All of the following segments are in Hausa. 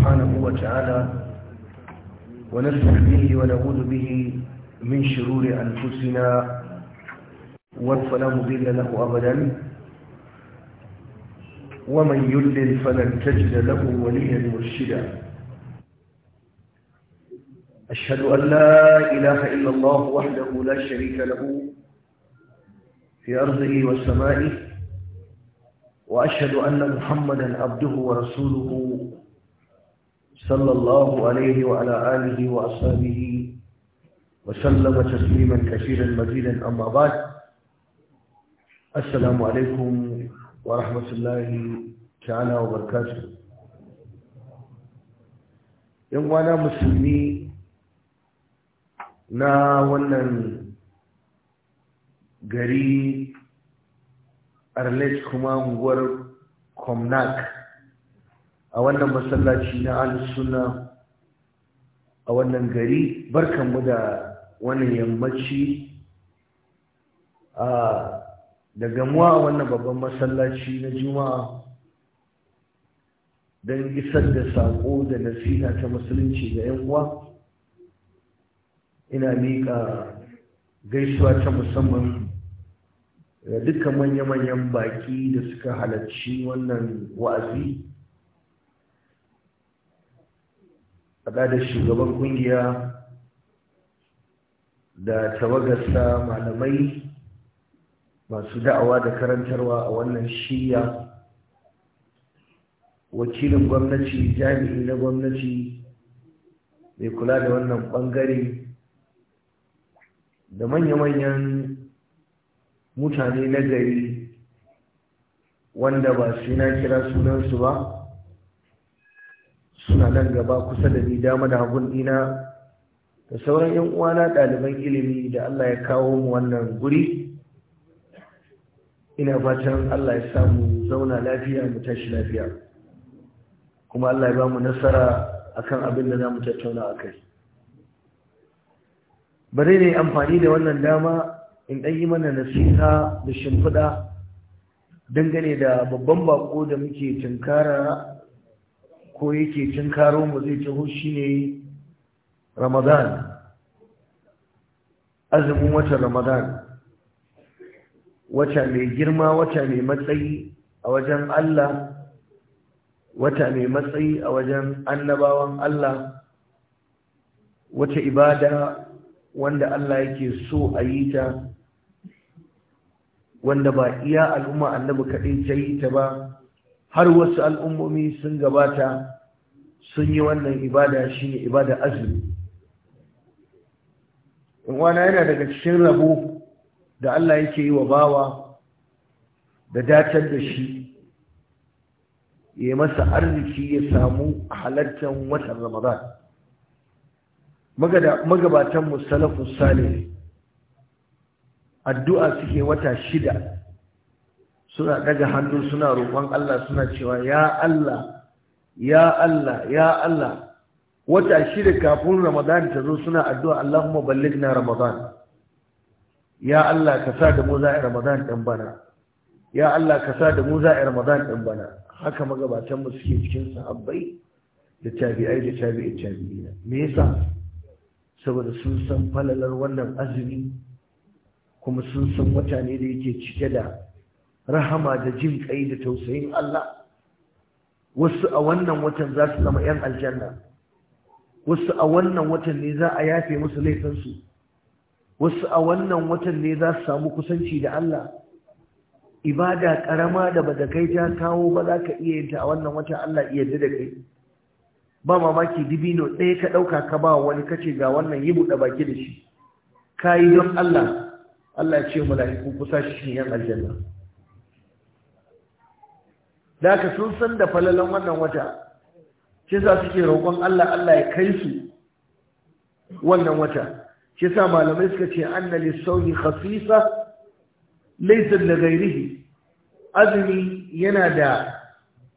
سبحانه وتعالى ونفسح به ونعوذ به من شرور أنفسنا وفلا مضل له أبدا ومن يلل فلن تجد له وليا مرشدا أشهد أن لا إله إلا الله وحده لا شريك له في أرضه وسمائه وأشهد أن محمدا عبده ورسوله صلى الله عليه وعلى آله وأصحابه وسلم تسليما كثيرا مزيدا أما بعد السلام عليكم ورحمة الله تعالى وبركاته يوم أنا مسلمي na wannan gari arlet kuma unguwar komnak a wannan masallaci na al-sunna a wannan gari mu da wannan yammaci a da gamuwa a wannan babban masallaci na juma'a don isar da saƙo da nasiha ta musulunci ga 'yan uwa ina miƙa gaisuwa ta musamman ga dukkan manya-manyan baƙi da suka halarci wannan wa'azi hada da shugaban ƙungiya da tawagarsa malamai masu da'awa da karantarwa a wannan shiya wakilin gwamnati jami'i na gwamnati mai kula da wannan bangare da manya-manyan mutane na gari wanda ba su na kira sunansu ba suna nan gaba kusa da ni dama da hagun dina da sauran yan uwana ɗaliban ilimi da Allah ya kawo mu wannan guri ina fatan Allah ya samu zauna lafiya mu tashi lafiya kuma Allah ya ba mu nasara akan abin da zamu tattauna a kai bare ne amfani da wannan dama in ɗan yi mana nasiha da shimfiɗa dangane da babban bako da muke tunkara ko yake cin karo mu zai ci hushi ne ramadan azumin watan ramadan wata mai girma wata mai matsayi a wajen Allah wata mai matsayi a wajen annabawan Allah wata ibada wanda Allah yake so a yi ta wanda ba iya al'umma annabi kaɗai ta yi ta ba har wasu al'ummomi sun gabata sun yi wannan ibada shi ne ibada azumi wana yana daga cikin rabo da Allah yake yi wa bawa da datar da shi ya masa arziki ya samu halartar watan ramadan magabatan musalafin salih addu'a suke wata shida suna daga hannu suna roƙon Allah suna cewa ya Allah ya Allah ya Allah wata shirin kafin Ramadan ta zo suna addu'a Allahumma ballighna Ramadan ya Allah ka sa da mu za'i Ramadan ɗan bana ya Allah ka sa da mu za'i Ramadan ɗan bana haka magabatan mu suke cikin sahabbai da tabi'ai da tabi'ai tabi'ina me yasa saboda sun san falalar wannan azumi kuma sun san wata ne da yake cike da rahama da jin kai da tausayin Allah wasu a wannan watan za su zama 'yan aljanna wasu a wannan watan ne za a yafe musu laifinsu wasu a wannan watan ne za su samu kusanci da Allah ibada karama da ba da kai ta kawo ba za ka iya yinta a wannan watan Allah iya da kai ba mamaki dibino ɗaya ka ɗauka ka ba wani kace ga wannan yi buɗe baki da shi ka yi don Allah Allah ya ce mala'iku kusa shi 'yan aljanna da ka sun san da falalan wannan wata shi sa suke roƙon Allah Allah ya kai su wannan wata shi sa malamai suka ce anna lisawmi khasisa laysa li ghayrihi azumi yana da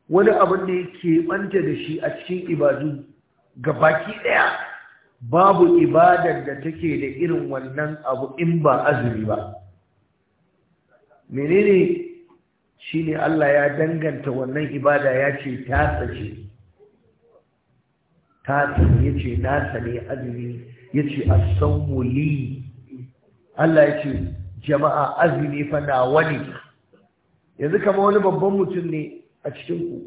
wani abin da yake banta da shi a cikin ibadu baki daya babu ibadar da take da irin wannan abu in ba azumi ba menene shine Allah ya danganta wannan ibada ya ce ta tsace ta tsaye ce nasa ne azumi ya ce asanmu Allah ya ce jama'a azumi fa na wani. yanzu kama wani babban mutum ne a cikinku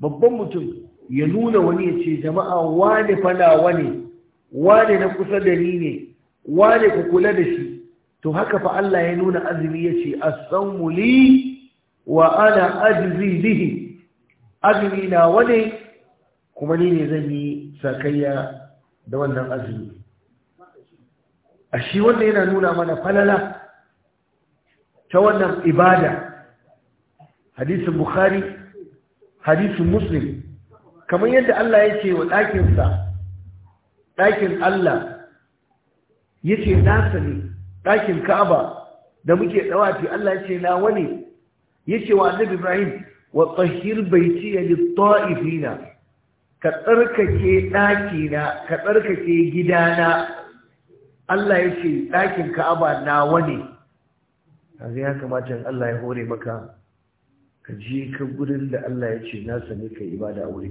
babban mutum ya nuna wani ya ce jama'a Wani fa na wani? Wani na kusa da ni ne Wani ku kula da shi to haka fa Allah ya nuna azumi ya ce asanmu wa ana ajzi bihi azumi na wane kuma ni ne zan yi sakayya da wannan azumi a shi wanda yana nuna mana falala ta wannan ibada hadisin bukhari hadisin muslim kamar yadda Allah ya ce wa ɗakinsa ɗakin Allah ya ce nasa ne ɗakin ka'aba da muke ɗawafi Allah ya ce na wani yace wa annabi ibrahim wa tahhir baiti li taifina ka tsarkake ɗakina ka tsarkake gidana Allah ya ce ɗakin ka'aba nawa ne kaga ya kamata in Allah ya hore maka ka je ka gurin da Allah ya ce na sani ka ibada a wuri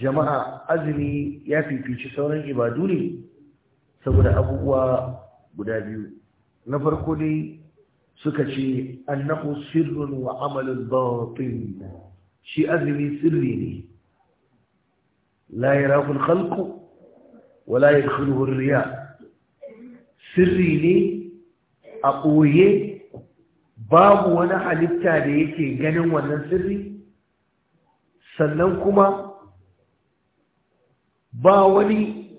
jama'a azumi ya fifici sauran ibadu ne saboda abubuwa guda biyu na farko dai suka ce annahu sirrun wa amalul batin shi azumi sirri ne la yarahu al-khalqu wa la yadkhuluhu ar-riya sirri ne a koye babu wani halitta da yake ganin wannan sirri sannan kuma ba wani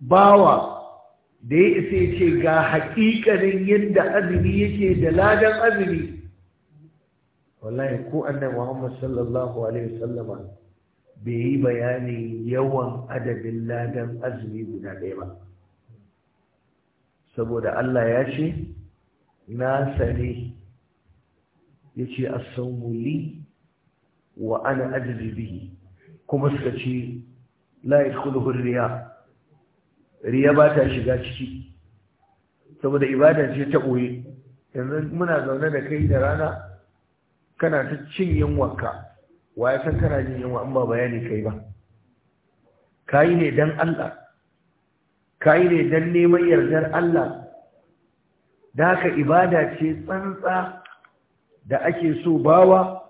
bawa da ya isa ce ga haƙiƙanin yadda azumi yake da ladan azumi wallahi ko annabi Muhammad sallallahu alaihi wasallama bai yi bayani yawan adabin ladan azumi guda ɗaya ba saboda Allah ya ce na sani ya ce asamuli wa ana ajizi kuma suka ce la yadkhuluhu riya riya ba ta shiga ciki saboda ibada ce ta ɓoye yanzu muna zaune da kai da rana kana ta cin yunwarka wa ya san kana jin yunwa an ba bayani kai ba ka yi ne don Allah ka yi ne don neman yardar Allah da haka ibada ce tsantsa da ake so bawa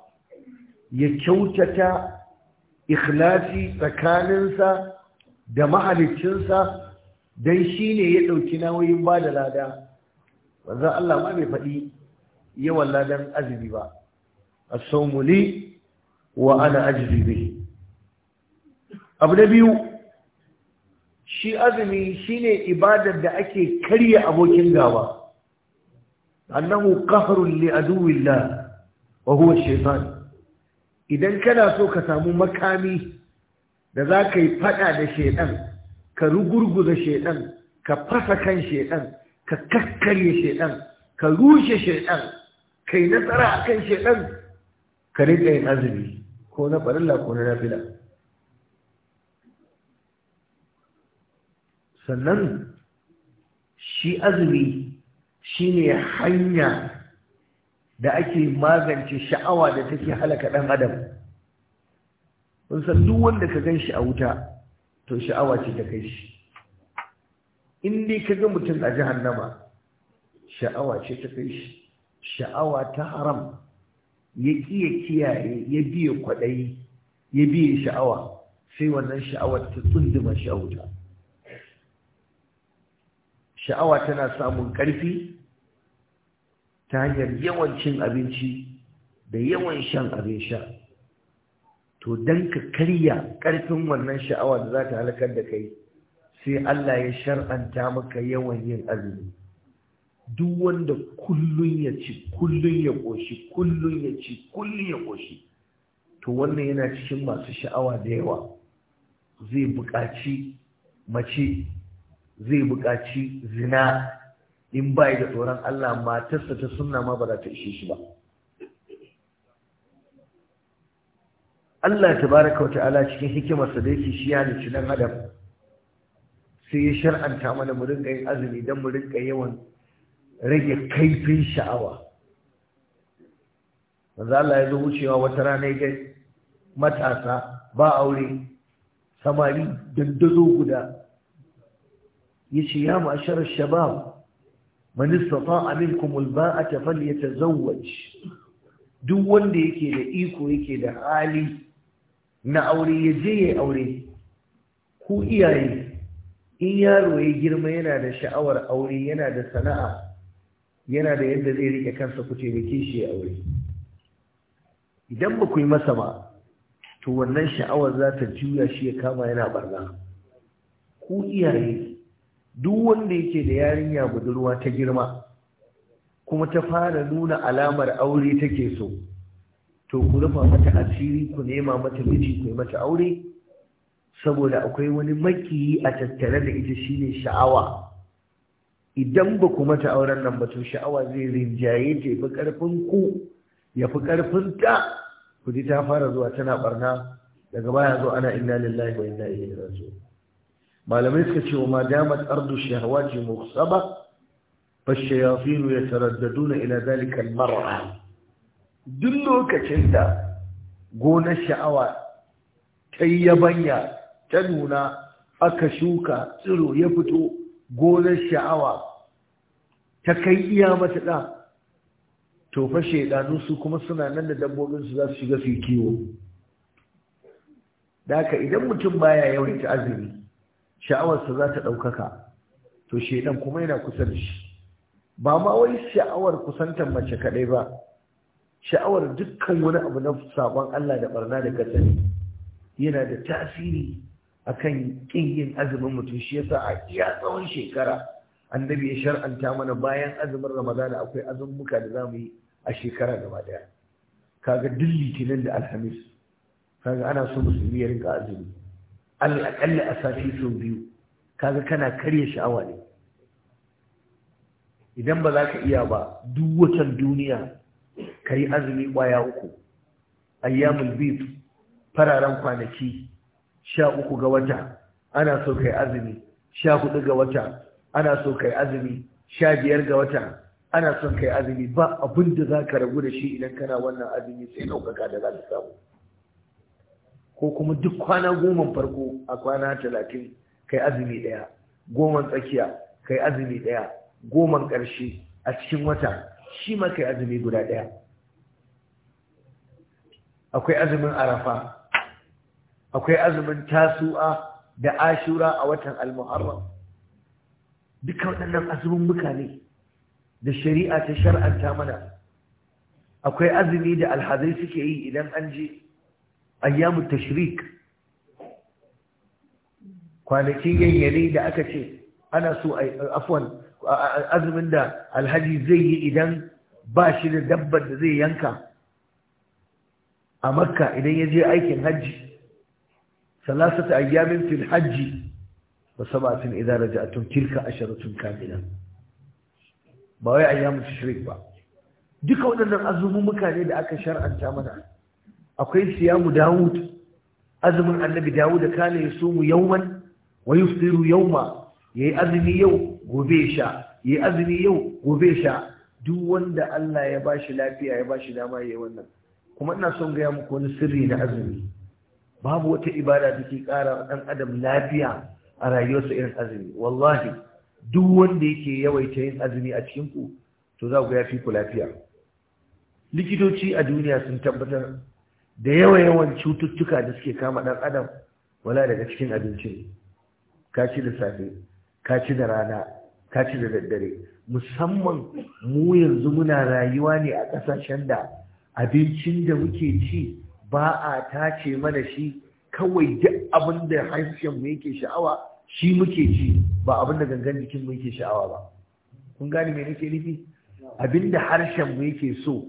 ya kyautata ikhlasi tsakaninsa da mahaliccinsa? dan shi ne ya ɗauki nawoyin ba da lada wanzan Allah ma bai faɗi yawan ladan azumi ba as-sawmu wa ana ajzi bihi abu da biyu shi azumi shine ibadar da ake karya abokin gaba annahu qahrun li aduwillah wa huwa shaytan idan kana so ka samu makami da zaka yi fada da shaytan ka rugurguza shaidan ka fasa kan shaidan ka kakkare shaidan ka rushe shaidan kai nasara kan shaidan ka rika yin azumi ko na farilla ko na nafila sannan shi azumi shine hanya da ake magance sha'awa da take halaka ɗan adam kun san duk wanda ka gan shi a wuta to sha'awa ce ta kai shi in ni ka ga mutum a jahannama sha'awa ce ta kai shi sha'awa ta haram ya kiya kiyaye ya biye kwaɗayi ya biye sha'awa sai wannan sha'awar ta tsunduma shi sha'awa tana samun ƙarfi ta hanyar yawan cin abinci da yawan shan abin sha to don ka karya ƙarfin wannan sha'awa da za ta halakar da kai sai Allah ya shar'anta maka yawan yin azumi duk wanda kullun ya ci kullun ya ƙoshi kullun ya ci kullun ya ƙoshi to wannan yana cikin masu sha'awa da yawa zai buƙaci mace zai buƙaci zina in bai da tsoron Allah matarsa ta sunna ma ba za ta ishe shi ba Allah tabaraka wa ta'ala cikin hikimarsa da yake shi ya halicci nan adam sai ya shar'anta mana mu rinka yin azumi don mu rinka yawan rage kaifin sha'awa manzo Allah ya zo wucewa wata rana ya matasa ba aure samari dandazo guda ya ce ya ma'ashar shabab man istata'a minkum alba'ata falyatazawwaj duk wanda yake da iko yake da hali na aure ya je ya aure ku iyaye in yaro ya girma yana da sha'awar aure yana da sana'a yana da yadda zai rike kansa ku taimake shi ya aure idan ba ku yi masa ba to wannan sha'awar za ta juya shi ya kama yana barna ku iyaye duk wanda yake da yarinya budurwa ta girma kuma ta fara nuna alamar aure take so to ku rufa mata asiri ku nema mata miji ku yi mata aure saboda akwai wani makiyi a tattare da ita shine sha'awa idan ba ku mata auren nan ba to sha'awa zai rinjaye ta fi karfin ku ya fi karfin ta ku ta fara zuwa tana barna daga baya zo ana inna lillahi wa inna ilaihi raji'un malamai suka ce wa ma damat ardu shahawati muhsaba fa ash-shayatin yataraddaduna ila dhalika al-mar'a duk lokacin da gonar sha'awa ta yi yabanya ta nuna aka shuka tsiro ya fito gonar sha'awa ta kai iya ɗan, to fa shaidanu su kuma suna nan da dabbobinsu za su shiga su yi kiwo daka idan mutum baya yawaita azumi sha'awarsa za ta ɗaukaka to shaidan kuma yana kusa da shi ba ma wai sha'awar kusantar mace kaɗai ba sha'awar dukkan wani abu na sabon Allah da barna da kasani yana da tasiri akan kin yin azumin mutum shi yasa a iya tsawon shekara annabi ya shar'anta mana bayan azumin ramadana akwai azumin muka da za mu yi a shekara gaba daya kaga duk litinin da alhamis kaga ana so musulmi ya rinka azumi alaƙalla a sati sau biyu kaga kana karya sha'awa ne idan ba za ka iya ba duk watan duniya ka yi azumi kwaya uku ayyamul bid fararen kwanaki sha uku ga wata ana so ka azumi sha hudu ga wata ana so ka azumi sha biyar ga wata ana so ka azumi ba abin da za ka ragu da shi idan kana wannan azumi sai ɗaukaka da za ka samu ko kuma duk kwana goma farko a kwana talatin kai azumi ɗaya goman tsakiya kai azumi ɗaya goman ƙarshe a cikin wata shi ma ka azumi guda ɗaya akwai azumin arafa akwai azumin tasu'a da ashura a watan al-muharram duka waɗannan azumin muka da shari'a ta shar'anta mana akwai azumi da alhazai suke yi idan an je ayyamu tashrik kwanakin yayyare da aka ce ana so afwan azumin da alhaji zai yi idan ba shi da dabbar da zai yanka a makka idan ya je aikin hajji salasata ayyamin fil hajji wa sab'atin idza raja'tum tilka asharatun kamila ba wai ayyamu tashrik ba duka waɗannan muka ne da aka shar'anta mana akwai siyamu dawud azumin annabi dawud da kana yasumu yawman wa yusiru yawma yayi azumi yau gobe sha yayi azumi yau gobe sha duk wanda Allah ya bashi lafiya ya bashi dama yayi wannan kuma ina son gaya muku wani sirri na azumi babu wata ibada da ke ƙara ɗan adam lafiya a rayuwarsa irin azumi wallahi duk wanda yake yawaita yin azumi a cikin ku to za ku ya fi ku lafiya likitoci a duniya sun tabbatar da yawa yawan cututtuka da suke kama ɗan adam wala daga cikin abincin. ka ci da safe ka ci da rana ka ci da daddare musamman mu yanzu muna rayuwa ne a ƙasashen da abincin da muke ci ba a tace mana shi kawai duk abin da harshen yake sha'awa shi muke ci ba abin da gangan jikin yake sha'awa ba kun gani me nake nufi abin da harshen mu yake so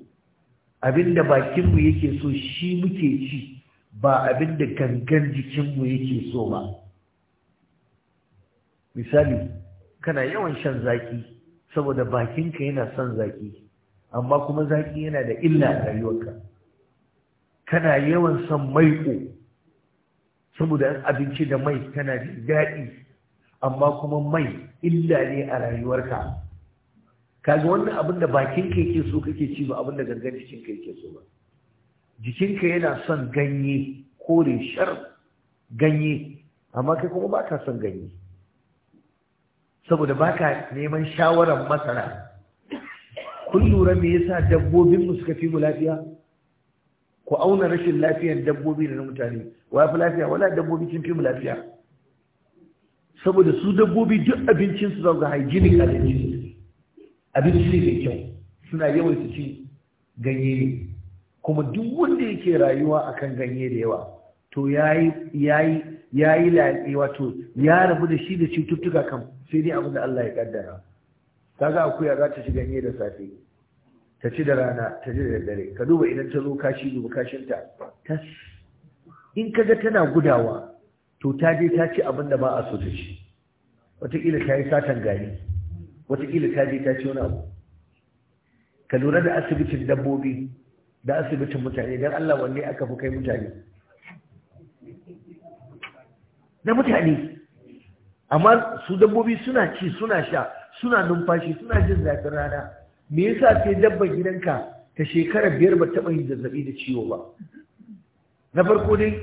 abin da bakin mu yake so shi muke ci ba abin da gangan jikin yake so ba misali kana yawan shan zaki saboda bakinka yana son zaki amma kuma zaki yana da illa a rayuwarka kana yawan son maiƙo saboda abinci da mai kana ji daɗi amma kuma mai illa ne a rayuwarka kaga wannan abin da bakin ka yake so kake ci ba abin da gangan jikin ka yake so ba jikinka yana son ganye kore shar ganye amma kai kuma ba son ganye saboda baka neman shawarar masana kun lura me yasa dabbobin mu suka fi mu lafiya ku auna rashin lafiyar dabbobi da na mutane wa fi lafiya wala dabbobi sun fi mu lafiya saboda su dabbobi duk abincin su zauga hygienic abinci abinci ne mai kyau suna yawan su ci ganye ne kuma duk wanda yake rayuwa akan ganye da yawa to yayi yayi yayi to ya rabu da shi da cututtuka kan sai dai abin da Allah ya kaddara ta ga akuya za ta shiga ne da safe ta ci da rana ta ji da dare ka duba idan ta zo kashi duba kashinta tas in ka ga tana gudawa to ta je ta ci abin da ba a so ta ci wataƙila ta yi satan gari wataƙila ta je ta ci wani abu ka lura da asibitin dabbobi da asibitin mutane don Allah wanne aka fi kai mutane na mutane amma su dabbobi suna ci suna sha suna numfashi suna jin zafin rana me yasa sai dabban gidanka ta shekara biyar ba taɓa yin zazzaɓi da ciwo ba na farko dai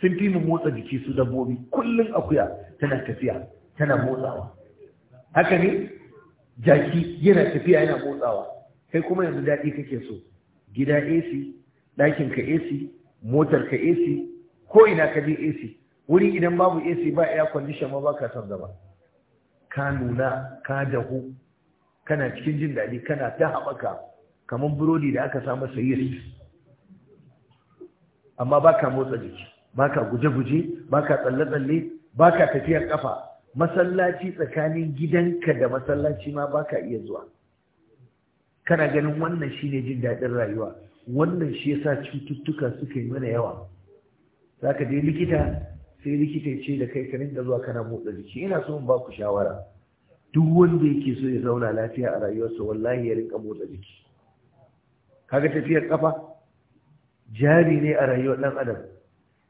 sun fi mu motsa jiki su dabbobi kullum akuya tana tafiya tana motsawa haka ne jaki yana tafiya yana motsawa kai kuma yanzu daɗi kake so gida AC ɗakin ka AC motar ka AC ko ina ka je AC wuri idan babu AC ba ya kwandishan ma ba ka son zama ka nuna ka dahu kana cikin jin daɗi kana ta haɓaka kamar burodi da aka samu sayis amma ba motsa jiki ba guje-guje baka tsalle-tsalle baka ka tafiyar ƙafa masallaci tsakanin gidanka da masallaci ma baka iya zuwa kana ganin wannan shi ne jin daɗin rayuwa wannan shi yasa cututtuka suka yi mana yawa za ka je likita sai likita ce da kai kanin da zuwa kana motsa jiki ina so in ba ku shawara duk wanda yake so ya zauna lafiya a rayuwarsa wallahi ya rinka motsa jiki kaga tafiyar kafa jari ne a rayuwar dan adam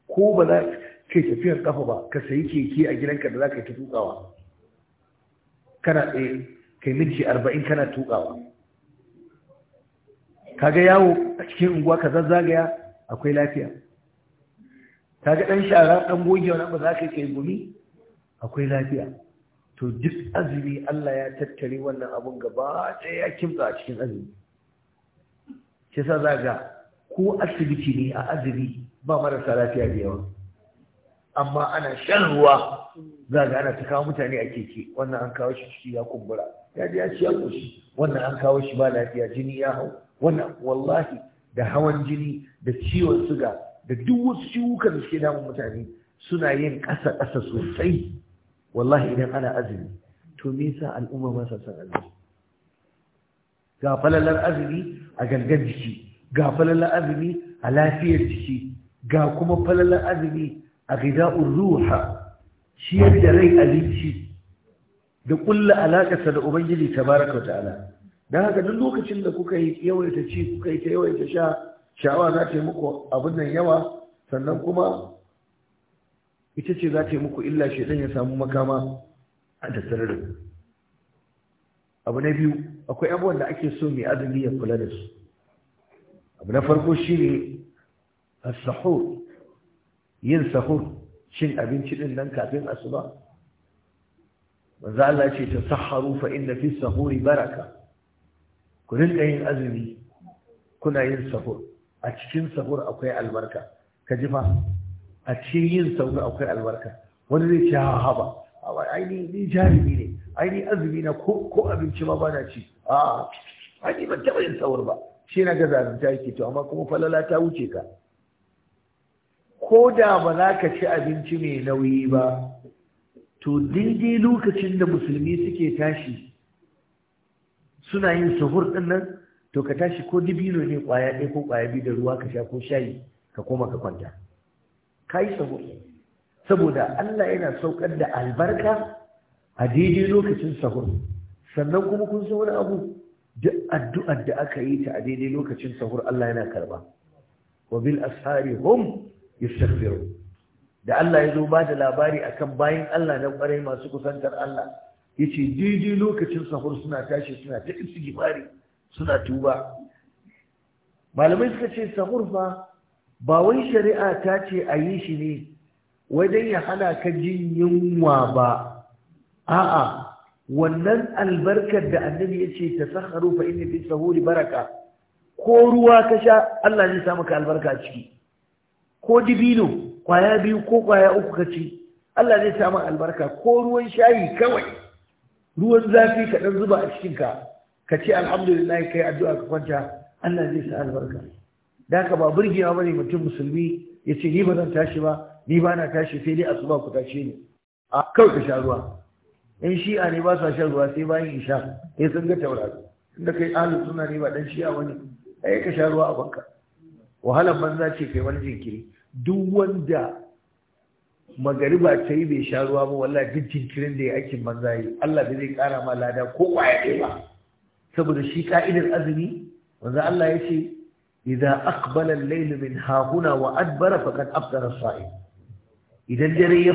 ko ba za ka yi tafiyar kafa ba ka sayi keke a gidanka da za ka yi ta tukawa kana tsaye eh, kai minti arba'in kana tukawa kaga yawo a cikin unguwa ka zazzagaya akwai lafiya Ta ga ɗan shara ɗan goge wani ba za ka kai gumi akwai lafiya to duk azumi Allah ya tattare wannan abun gaba ɗaya ya kimta a cikin azumi shi sa za ga ko asibiti ne a azumi ba marasa lafiya da yawa amma ana shan ruwa za ga ana ta kawo mutane a keke wannan an kawo shi ciki ya kumbura ya ji ya ci ya ƙoshi wannan an kawo shi ba lafiya jini ya hau wannan wallahi da hawan jini da ciwon suga da duk wasu ciwuka da suke damun mutane suna yin ƙasa ƙasa sosai wallahi idan ana azumi to me yasa al'umma ba sa san azumi ga falalar azumi a gangan jiki ga falalar azumi a lafiyar jiki ga kuma falalar azumi a gida'ur ruha ciyar da rai abinci da kulla alakarsa da ubangiji tabaraka wa ta'ala dan haka duk lokacin da kuka yi yawaita ci kuka yi ta yawaita sha sha'awa za ta yi muku abin nan yawa sannan kuma ita ce za ta yi muku illa shaidan ya samu makama a tattare abu na biyu akwai abubuwan da ake so mai azumi ya kula da su abu na farko shi ne sahur yin sahur cin abinci din nan kafin asuba manzo Allah ce ta saharu fa inna fi sahuri baraka ku rinka yin azumi kuna yin sahur a cikin sahur akwai albarka ka ji fa a cikin yin sahur akwai albarka wani zai ce ha ba ai ni ni jarumi ne ai ni azumi na ko ko abinci ma bana ci a ai ni ban taba yin sahur ba shi na ga zalunta yake to amma kuma falala ta wuce ka ko da ba za ka ci abinci mai nauyi ba to daidai lokacin da musulmi suke tashi suna yin sahur ɗin nan to ka tashi ko dibino ne kwaya ɗaya ko kwaya biyu da ruwa ka sha ko shayi ka koma ka kwanta ka yi sabo saboda Allah yana saukar da albarka a daidai lokacin sahur sannan kuma kun san wani abu duk addu'ar da aka yi ta a daidai lokacin sahur Allah yana karba wa bil ashari hum yastaghfirun da Allah ya zo ba da labari akan bayin Allah na kwarai masu kusantar Allah yace daidai lokacin sahur suna tashi suna ta istighfari suna tuba malamai suka ce sahurfa ba wai shari'a ta ce a yi shi ne wajen ya hana ka jin yunwa ba a'a wannan albarkar da annabi ya ce ta saharu fa inna fi sahuri baraka ko ruwa ka sha Allah zai sa maka albarka ciki ko dibino kwaya biyu ko kwaya uku ka ci Allah zai sa maka albarka ko ruwan shayi kawai ruwan zafi ka dan zuba a cikin ka ka ce alhamdulillah kai addu'a ka kwanta Allah zai sa albarka da ka ba burgewa bane mutum musulmi ya ce ni ba zan tashi ba ni ba na tashi sai dai asuba ku tashi ni a kawai ka sha ruwa in shi'a ne ba sa shan ruwa sai bayan isha sai sun ga taurari inda kai ahlus sunna ne ba dan shi'a wani ai ka sha ruwa a banka wahalar banza ce kai wani jinkiri duk wanda magariba ta yi bai sha ruwa ba wallahi duk jinkirin da ya aikin banza yi Allah zai kara ma lada ko kwaya ba saboda shi ka'idar azumi wanda Allah ya ce idza aqbala al-layl min hahuna wa adbara faqad afṭara as-sa'im idan dare ya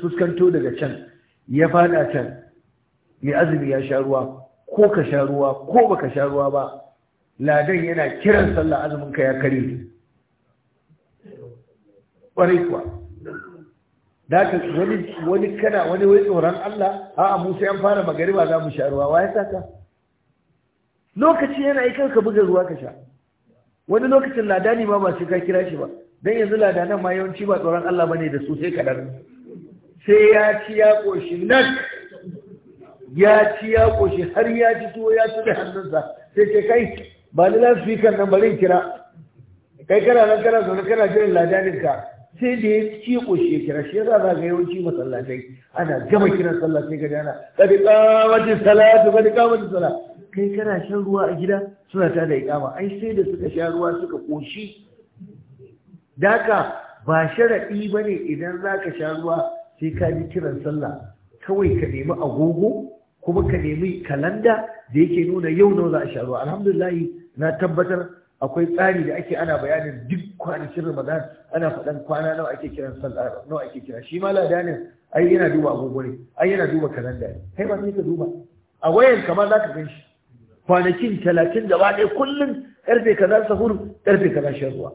fuskanto daga can ya fada can ya azumi ya sha ruwa ko ka sha ruwa ko baka sha ruwa ba ladan yana kiran sallah azumin ka ya kare kwarai kuwa da ka wani wani kana wani wai tsoron Allah a'a mu sai an fara magariba za mu sha ruwa wa ya saka lokaci yana yi kanka buga ruwa ka sha wani lokacin ladani ma ba shi ka kira shi ba Don yanzu ladanan ma yawanci ba tsoron Allah bane da su sai sai ya ci ya koshi nan ya ci ya koshi har ya ci tuwo ya ci da hannunsa sai ce kai ba ni kan nan bari kira kai kana nan kana zaune kana jiran ladaninka sai da ya ci koshi ya kira shi yasa za ga yawanci masallatai ana gama kiran sallah sai ga dana kadi kamatin salatu kadi kamatin salatu kai kana shan ruwa a gida suna ta da ikama ai sai da suka sha ruwa suka koshi daka ba sharaɗi ba ne idan za ka sha ruwa sai ka ji kiran sallah kawai ka nemi agogo kuma ka nemi kalanda da yake nuna yau nawa za a sha ruwa alhamdulillah na tabbatar akwai tsari da ake ana bayanin duk kwanakin ramadan ana faɗan kwana nawa ake kiran sallah nawa ake kira shi ma ladanin ai yana duba agogo ne ai yana duba kalanda ne kai ba sai ka duba a wayan kamar za ka gan shi kwanakin talatin gaba ɗaya kullum ƙarfe su sahur ƙarfe za shan ruwa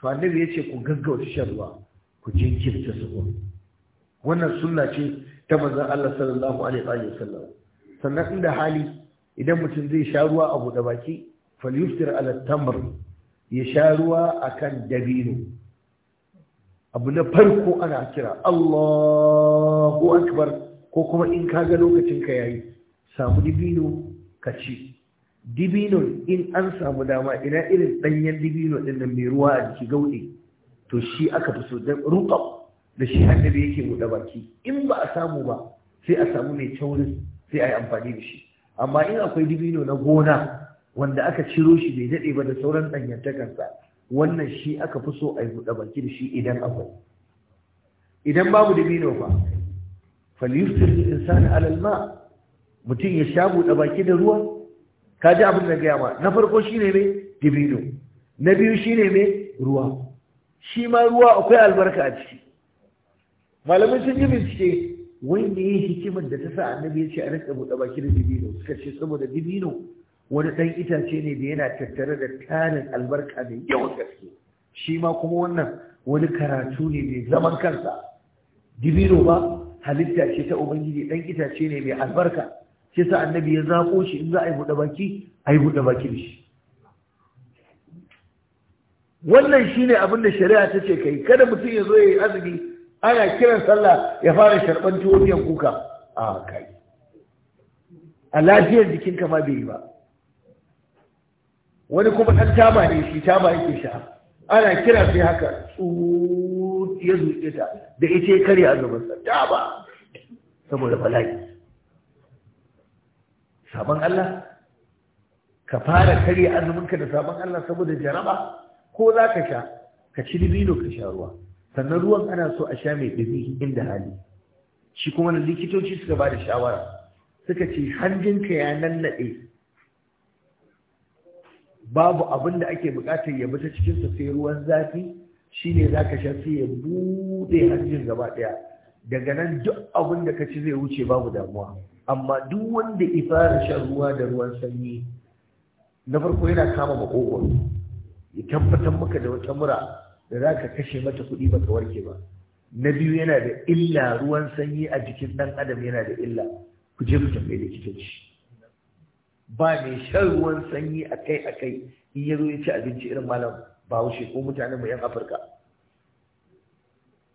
to annabi ya ce ku gaggauta shan ruwa ku jinkirta sahur wannan sunna ce ta maza Allah sallallahu alaihi wa sallam sannan inda hali idan mutum zai sha ruwa a buɗe baki falyuftir ala tamr ya sha ruwa akan dabino abu na farko ana kira Allahu akbar ko kuma in ka ga lokacin ka yayi samu dabino ka ci dibino in an samu dama ina irin ɗanyen dibino ɗin nan mai ruwa a jiki gauɗe to shi aka fi so don rukab da shi annabi yake buɗe baki in ba a samu ba sai a samu mai taurin sai a yi amfani da shi amma in akwai dibino na gona wanda aka ciro shi bai daɗe ba da sauran ɗanyantakarsa wannan shi aka fi so a yi buɗe baki da shi idan akwai idan babu dibino ba falyusir insani alal mutum ya sha buɗe baki da ruwa ka ji abin da gaya ma na farko shine ne dibino na biyu shine ne ruwa shi ma ruwa akwai albarka a ciki malamai sun yi bincike wai ne yi hikimar da ta sa annabi ya ce a rika buɗe baki da dibino suka ce saboda dibino wani ɗan itace ne da yana tattare da tarin albarka mai yawan gaske shi ma kuma wannan wani karatu ne mai zaman kansa dibino ba halitta ce ta ubangiji ɗan itace ne mai albarka shi sa annabi ya zaƙo shi in za a yi buɗe baki a yi buɗe baki da shi wannan shi ne abinda shari'a ta ce kai kada mutum ya zo ya yi azumi ana kiran sallah ya fara sharɓan tuwon kuka a kai a lafiyar jikinka ma bai yi ba wani kuma ɗan taba ne shi taba yake sha ana kira sai haka tsu ya zuƙe ta da ita ya karya a gabansa taba saboda bala'i sabon Allah ka fara karya azuminka da sabon Allah saboda jaraba ko za ka sha ka ci dibino ka sha ruwa sannan ruwan ana so a sha mai ɗumi inda hali shi kuma na likitoci suka ba da shawara suka ce hanjinka ya nannaɗe babu abin da ake buƙatar ya ta cikinsa sai ruwan zafi shine za ka sha sai ya buɗe hanjin gaba ɗaya daga nan duk abin da ka ci zai wuce babu damuwa amma duk wanda ya fara shan ruwa da ruwan sanyi na farko yana kama makogon ya tabbatar maka da wata mura da za ka kashe mata kuɗi ba ka warke ba na biyu yana da illa ruwan sanyi a jikin ɗan adam yana da illa ku je ku tambayi likitoci ba ne shan ruwan sanyi akai akai in ya zo ya ci abinci irin malam bahaushe ko mutanen mu yan afirka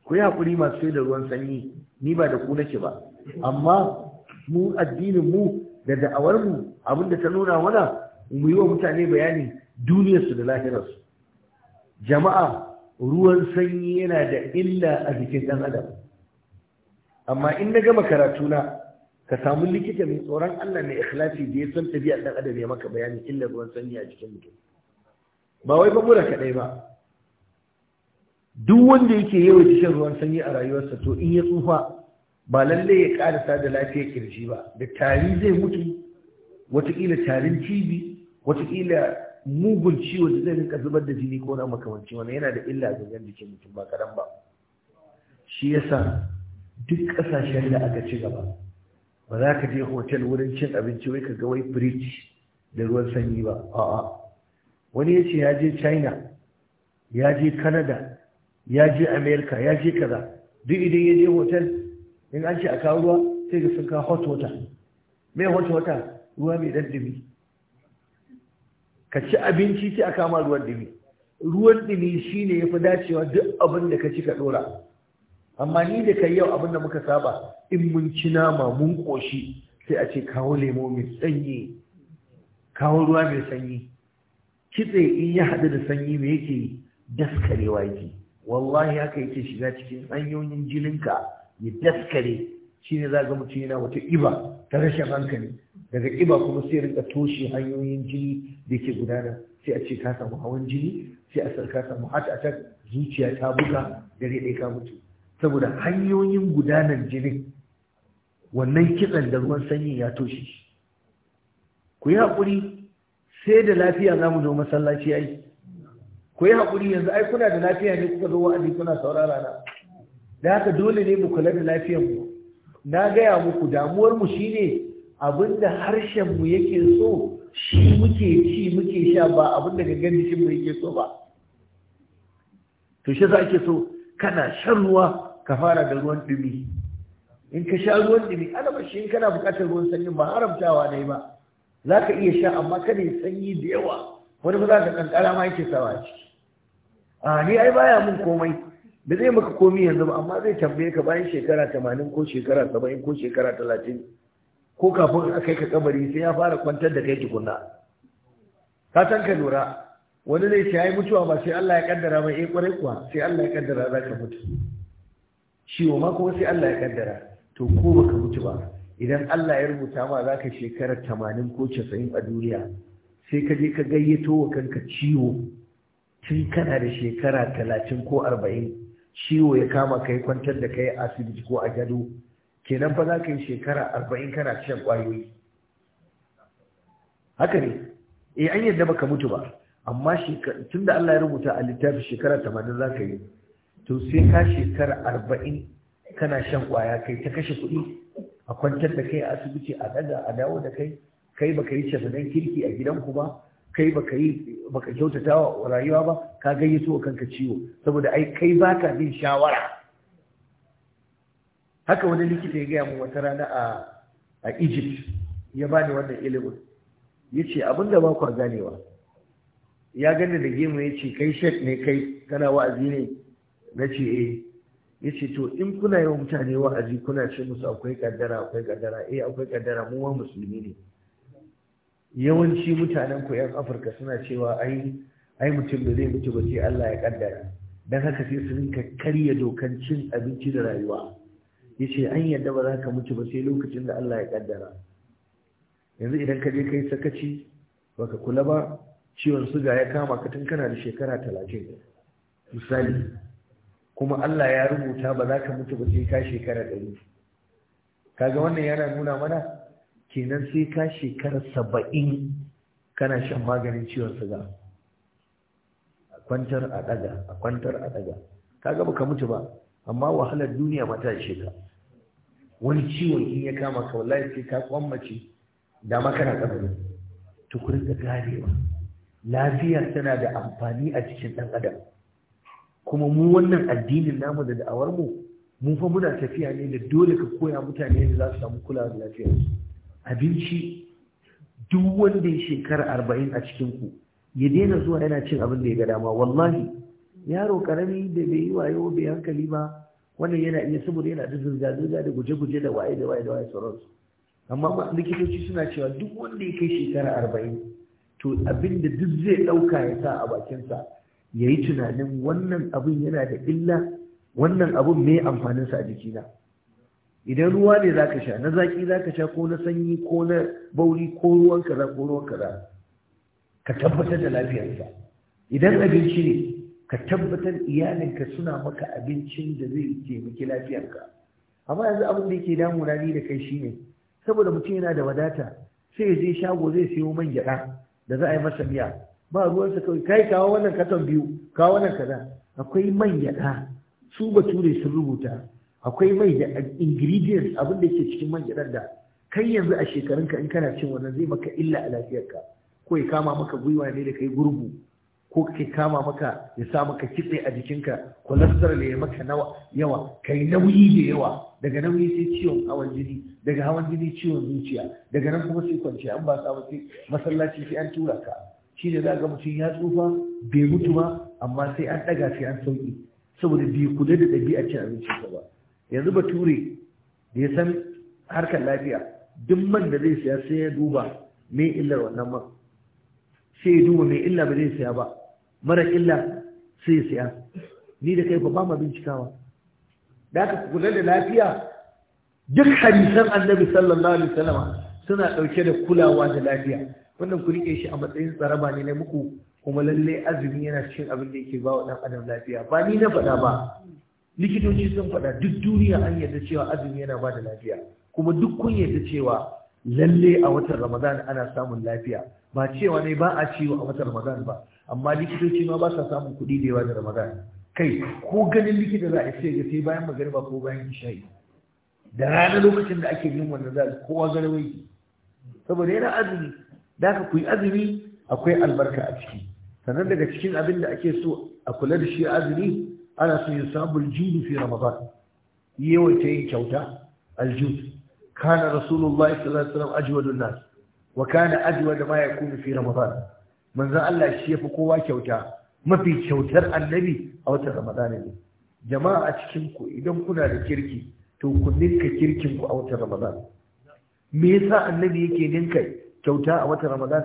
ku yi hakuri masu sai da ruwan sanyi ni ba da ku nake ba amma mu addinin mu da da'awar mu abinda ta nuna mana mu yi wa mutane bayani duniyarsu da su jama'a ruwan sanyi yana da illa a jikin ɗan adam amma in na gama karatuna ka samu likita mai tsoron Allah mai ikhlasi da ya san tabi'a dan adam ya maka bayani illar ruwan sanyi a jikin mutum ba wai ba mura kaɗai ba duk wanda yake yawaita shan ruwan sanyi a rayuwarsa to in ya tsufa ba lalle ya karasa da lafiyar kirji ba da tari zai mutu watakila tarin cibi watakila mugun ciwo da zai rinka zubar da jini ko na makamanci wani yana da illa gangan jikin mutum ba kaɗan ba shi yasa duk ƙasashen da aka ci gaba ba za ka je hotel wurin cin abinci wai ka ga wai fridge da ruwan sanyi ba a'a wani ya ce ya je china ya je canada ya je america ya je kaza duk idan ya je hotel in an ce a kawo ruwa sai ga sun kawo hot water mai hot water ruwa mai dan dumi ka ci abinci sai a kama ruwan dumi ruwan dumi shine yafi dacewa duk abin da ka ci ka dora amma ni da kai yau abin da muka saba in mun ci nama mun koshi sai a ce kawo lemo mai sanyi kawo ruwa mai sanyi kitse in ya hadu da sanyi me yake daskarewa yake wallahi haka yake shiga cikin hanyoyin jininka ya daskare shi ne za ga mutum yana wata iba ta rashin hankali daga iba kuma sai rinka toshe hanyoyin jini da ke gudana sai a ce ka samu hawan jini sai a sarka samu a can zuciya ta buga dare ɗaya ka mutu saboda hanyoyin gudanar jinin wannan kitsan da ruwan sanyi ya toshe shi ku yi haƙuri sai da lafiya za mu zo masallaci ai ku yi haƙuri yanzu ai kuna da lafiya ne kuka zo wa'azi kuna saurara na da haka dole ne mu kula da lafiyar mu na gaya muku damuwar mu shine abinda harshen mu yake so shi muke ci muke sha ba abinda gangan jikin mu yake so ba to shi za ake so kana shan ruwa ka fara da ruwan dumi in ka sha ruwan dumi ana ba shi in kana bukatar ruwan sanyi ba haramtawa ne ba za ka iya sha amma kada ya sanyi da yawa wani ba za ka kankara ma yake sawa ciki a ni ai baya mun komai da zai maka komi yanzu ba amma zai tambaye ka bayan shekara tamanin ko shekara saba'in ko shekara talatin ko kafin a kai ka kabari sai ya fara kwantar da kai tukuna ka san ka lura wani zai ce yi mutuwa ba sai Allah ya kaddara mai ya kwarai eh, kuwa sai Allah ya kaddara za ka mutu ciwo ma kuma sai Allah ya kaddara to ko ba ka mutu ba idan Allah ya rubuta ma za ka shekara tamanin ko casa'in a duniya sai ka je ka gayyato wa kanka ciwo tun kana da shekara talatin ko arba'in ciwo ya kama kai kwantar da kai asibiti ko a gado kenan fa za ka yi shekara arba'in kana shan ƙwayoyi haka ne E, an yadda baka mutu ba amma tun da Allah ya rubuta a littafi shekara tamanin za ka yi to sai ka shekara arba'in kana shan ƙwaya kai ta kashe kuɗi a kwantar da kai asibiti a ɗaga a dawo da kai kai baka yi shafanen kirki a gidanku ba kai baka yi baka kyautata wa rayuwa ba ka gayyato wa kanka ciwo saboda ai kai baka bin shawara haka wani likita ya gaya mu wata rana a a Egypt ya bani wannan ilimin yace da ba ku ganewa ya gani da gemu yace kai shek ne kai kana wa'azi ne nace eh ya ce to in kuna yi mutane wa'azi kuna ce musu akwai kaddara akwai kaddara eh akwai kaddara mu wa musulmi ne yawanci mutanen ku yan afirka suna cewa ai ai mutum da zai mutu ba sai Allah ya kaddara dan haka sai su rinka karya dokan cin abinci da rayuwa yace an yadda ba za ka mutu ba sai lokacin da Allah ya kaddara yanzu idan ka je kai sakaci baka kula ba ciwon suga ya kama ka tun kana da shekara talatin misali kuma Allah ya rubuta ba za ka mutu ba sai ka shekara ɗari kaga wannan yana nuna mana kenan sai ka shekara saba'in kana shan maganin ciwon suga a kwantar a daga a kwantar a daga ka gaba ka mutu ba amma wahalar duniya ma ta ishe ka wani ciwon in ya kama ka wallahi sai ka kwammace da kana kabari Tukurin ku rinka lafiya tana da amfani a cikin dan adam kuma mu wannan addinin namu da da'awar mu mun fa muna tafiya ne da dole ka koya mutane da za su samu kula da lafiyarsu abinci duk wanda ya shekara arba'in a cikinku ya daina zuwa yana cin abin da ya ga dama wallahi yaro karami da bai yi wayo bai hankali ba wannan yana iya saboda yana da zirga-zirga da guje-guje da waye da waye da waye sauransu amma likitoci suna cewa duk wanda ya kai shekara arba'in to abin da duk zai ɗauka ya sa a bakinsa ya yi tunanin wannan abin yana da illa wannan abin mai amfaninsa a jikina idan ruwa ne za ka sha na zaƙi za ka sha ko na sanyi ko na bauri ko ruwan kaza ko ruwan kaza ka tabbatar da lafiyarsa idan abinci ne ka tabbatar iyalinka suna maka abincin da zai taimaki lafiyarka amma yanzu abin da yake damuna ni da kai shine saboda mutum yana da wadata sai zai shago zai sayo man gyaɗa da za a yi masa miya ba ruwansa kawai kai kawo wannan katon biyu kawo wannan kaza akwai man gyaɗa su bature sun rubuta akwai mai da ingredients abin da ke cikin man gyaɗar da kai yanzu a shekarunka in kana cin wannan zai maka illa a lafiyarka ko ya kama maka gwiwa ne da kai gurgu ko ka kama maka ya sa maka kitse a jikinka cholesterol ya maka nawa yawa kai nauyi da yawa daga nauyi sai ciwon hawan jini daga hawan jini ciwon zuciya daga nan kuma sai kwanciya an ba sa ba masallaci sai an tura ka shi da za ga mutum ya tsufa bai mutu ba amma sai an ɗaga sai an sauki saboda bai kula da ɗabi'ar cin abinci ba yanzu bature da ya san harkar lafiya duk man da zai siya sai ya duba me illar wannan man sai ya duba me illa ba zai siya ba mara illa sai ya siya ni da kai ba ma bincikawa da aka kula da lafiya duk hadisan annabi sallallahu alaihi wasallam suna dauke da kulawa da lafiya wannan ku rike shi a matsayin tsaraba ne na muku kuma lalle azumi yana cikin abin da yake ba wa dan adam lafiya ba ni na faɗa ba likitoci sun faɗa duk duniya an yadda cewa azumi yana ba da lafiya kuma duk kun yadda cewa lalle a watan ramadan ana samun lafiya ba cewa ne ba a ciwo a watan ramadan ba amma likitoci ma ba sa samun kuɗi da yawa da ramadan kai ko ganin likita za a ce ga sai bayan magariba ko bayan isha'i da rana lokacin da ake yin wannan a kowa garwai saboda yana azumi da ka kuyi azumi akwai albarka a ciki sannan daga cikin abin da ake so a kula da shi azumi ana so ya samu aljudu fi ramadan yawaita yin kyauta aljud kana rasulullahi sallallahu alaihi wasallam ajwadun nas wa kana ajwada ma yakunu fi ramadan manzon Allah shi yafi kowa kyauta mafi kyautar annabi a watan ramadan ne jama'a a cikin ku idan kuna da kirki to ku ninka kirkin ku a watan ramadan me yasa annabi yake ninka kyauta a watan ramadan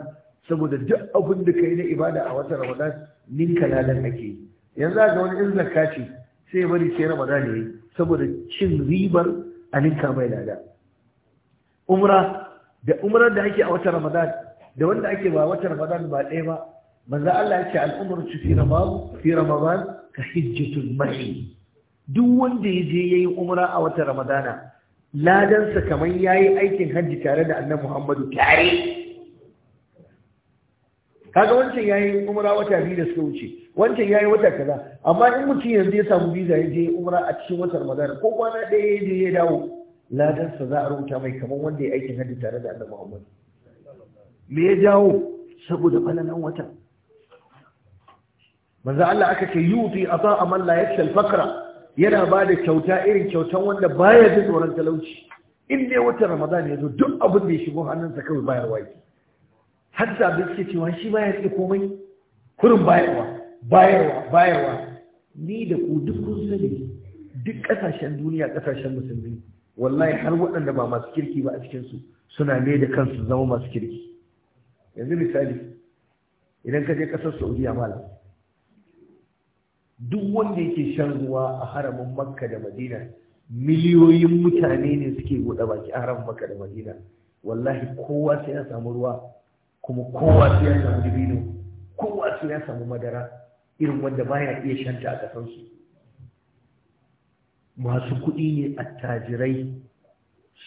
saboda duk abin da kai na ibada a watan ramadan ninka ladan ake yi yanzu ga wani in zakka ce sai bari sai ramadan yayi saboda cin ribar aninka mai lada umra da umrar da ake a wata ramadan da wanda ake ba wata ramadan ba ɗaya ba manzo Allah ya ce al'ummar fi ramadan fi ramadan ka hijjatul mahi duk wanda ya je yayi umra a wata ramadana ladansa kamar yayi aikin hajji tare da annabi Muhammadu tare kaga wancan yayi umra wata biyu da suka wuce wancan yayi wata kaza amma in mutum yanzu ya samu visa ya je umra a cikin watan Ramadan ko kwana ɗaya ya je ya dawo ladan za a rubuta mai kamar wanda ya aikin hajji tare da Annabi Muhammad me ya jawo saboda falalan wata manzo Allah aka ce yuti ata amal la yakshal fakra yana ba da kyauta irin kyautan wanda baya jin tsoron talauci in dai watan Ramadan ya zo duk abin da ya shigo hannunsa kawai bayarwa yake har bai suke cewa shi baya rike komai kurin bayarwa bayarwa bayarwa ni da ku duk kun sani duk kasashen duniya kasashen musulmi wallahi har waɗanda ba masu kirki ba a cikin su suna ne da kansu zama masu kirki yanzu misali idan ka je kasar saudiya malam duk wanda yake shan ruwa a haramin makka da madina miliyoyin mutane ne suke buɗe baki a haramin makka da madina wallahi kowa sai ya samu ruwa kuma kowa sai ya samu dibino kowa sai ya samu madara irin wanda baya iya shanta a kasansu masu kuɗi ne attajirai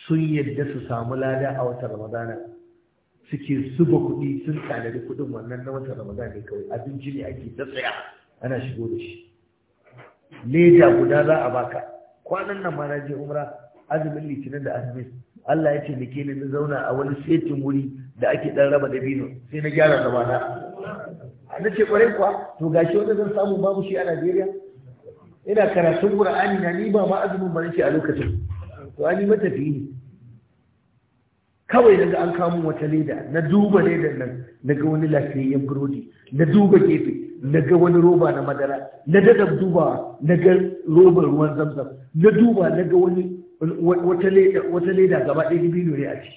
sun yadda su samu lada a watan ramadana suke zuba kuɗi sun tanadi kuɗin wannan na watan ramadana ne kawai abinci ne ake ta tsaya ana shigo da shi leda guda za a baka kwanan nan ma na je umra azumin litinin da Azumin. Allah ya ce da ke na zauna a wani setin wuri da ake ɗan raba da bino sai na gyara zamana. na na ce ƙwarai kuwa to gashi wanda zan samu babu shi a Najeriya ina karatun Qur'ani na ni ba ma azumin ba nake a lokacin to ani matafi ne kawai daga an kamo wata leda na duba leda nan ga wani lafiyayyen burodi na duba gefe ga wani roba na madara na dadab dubawa ga robar ruwan zamzam na duba ga wani wata leda gaba ɗaya biyu ne a ciki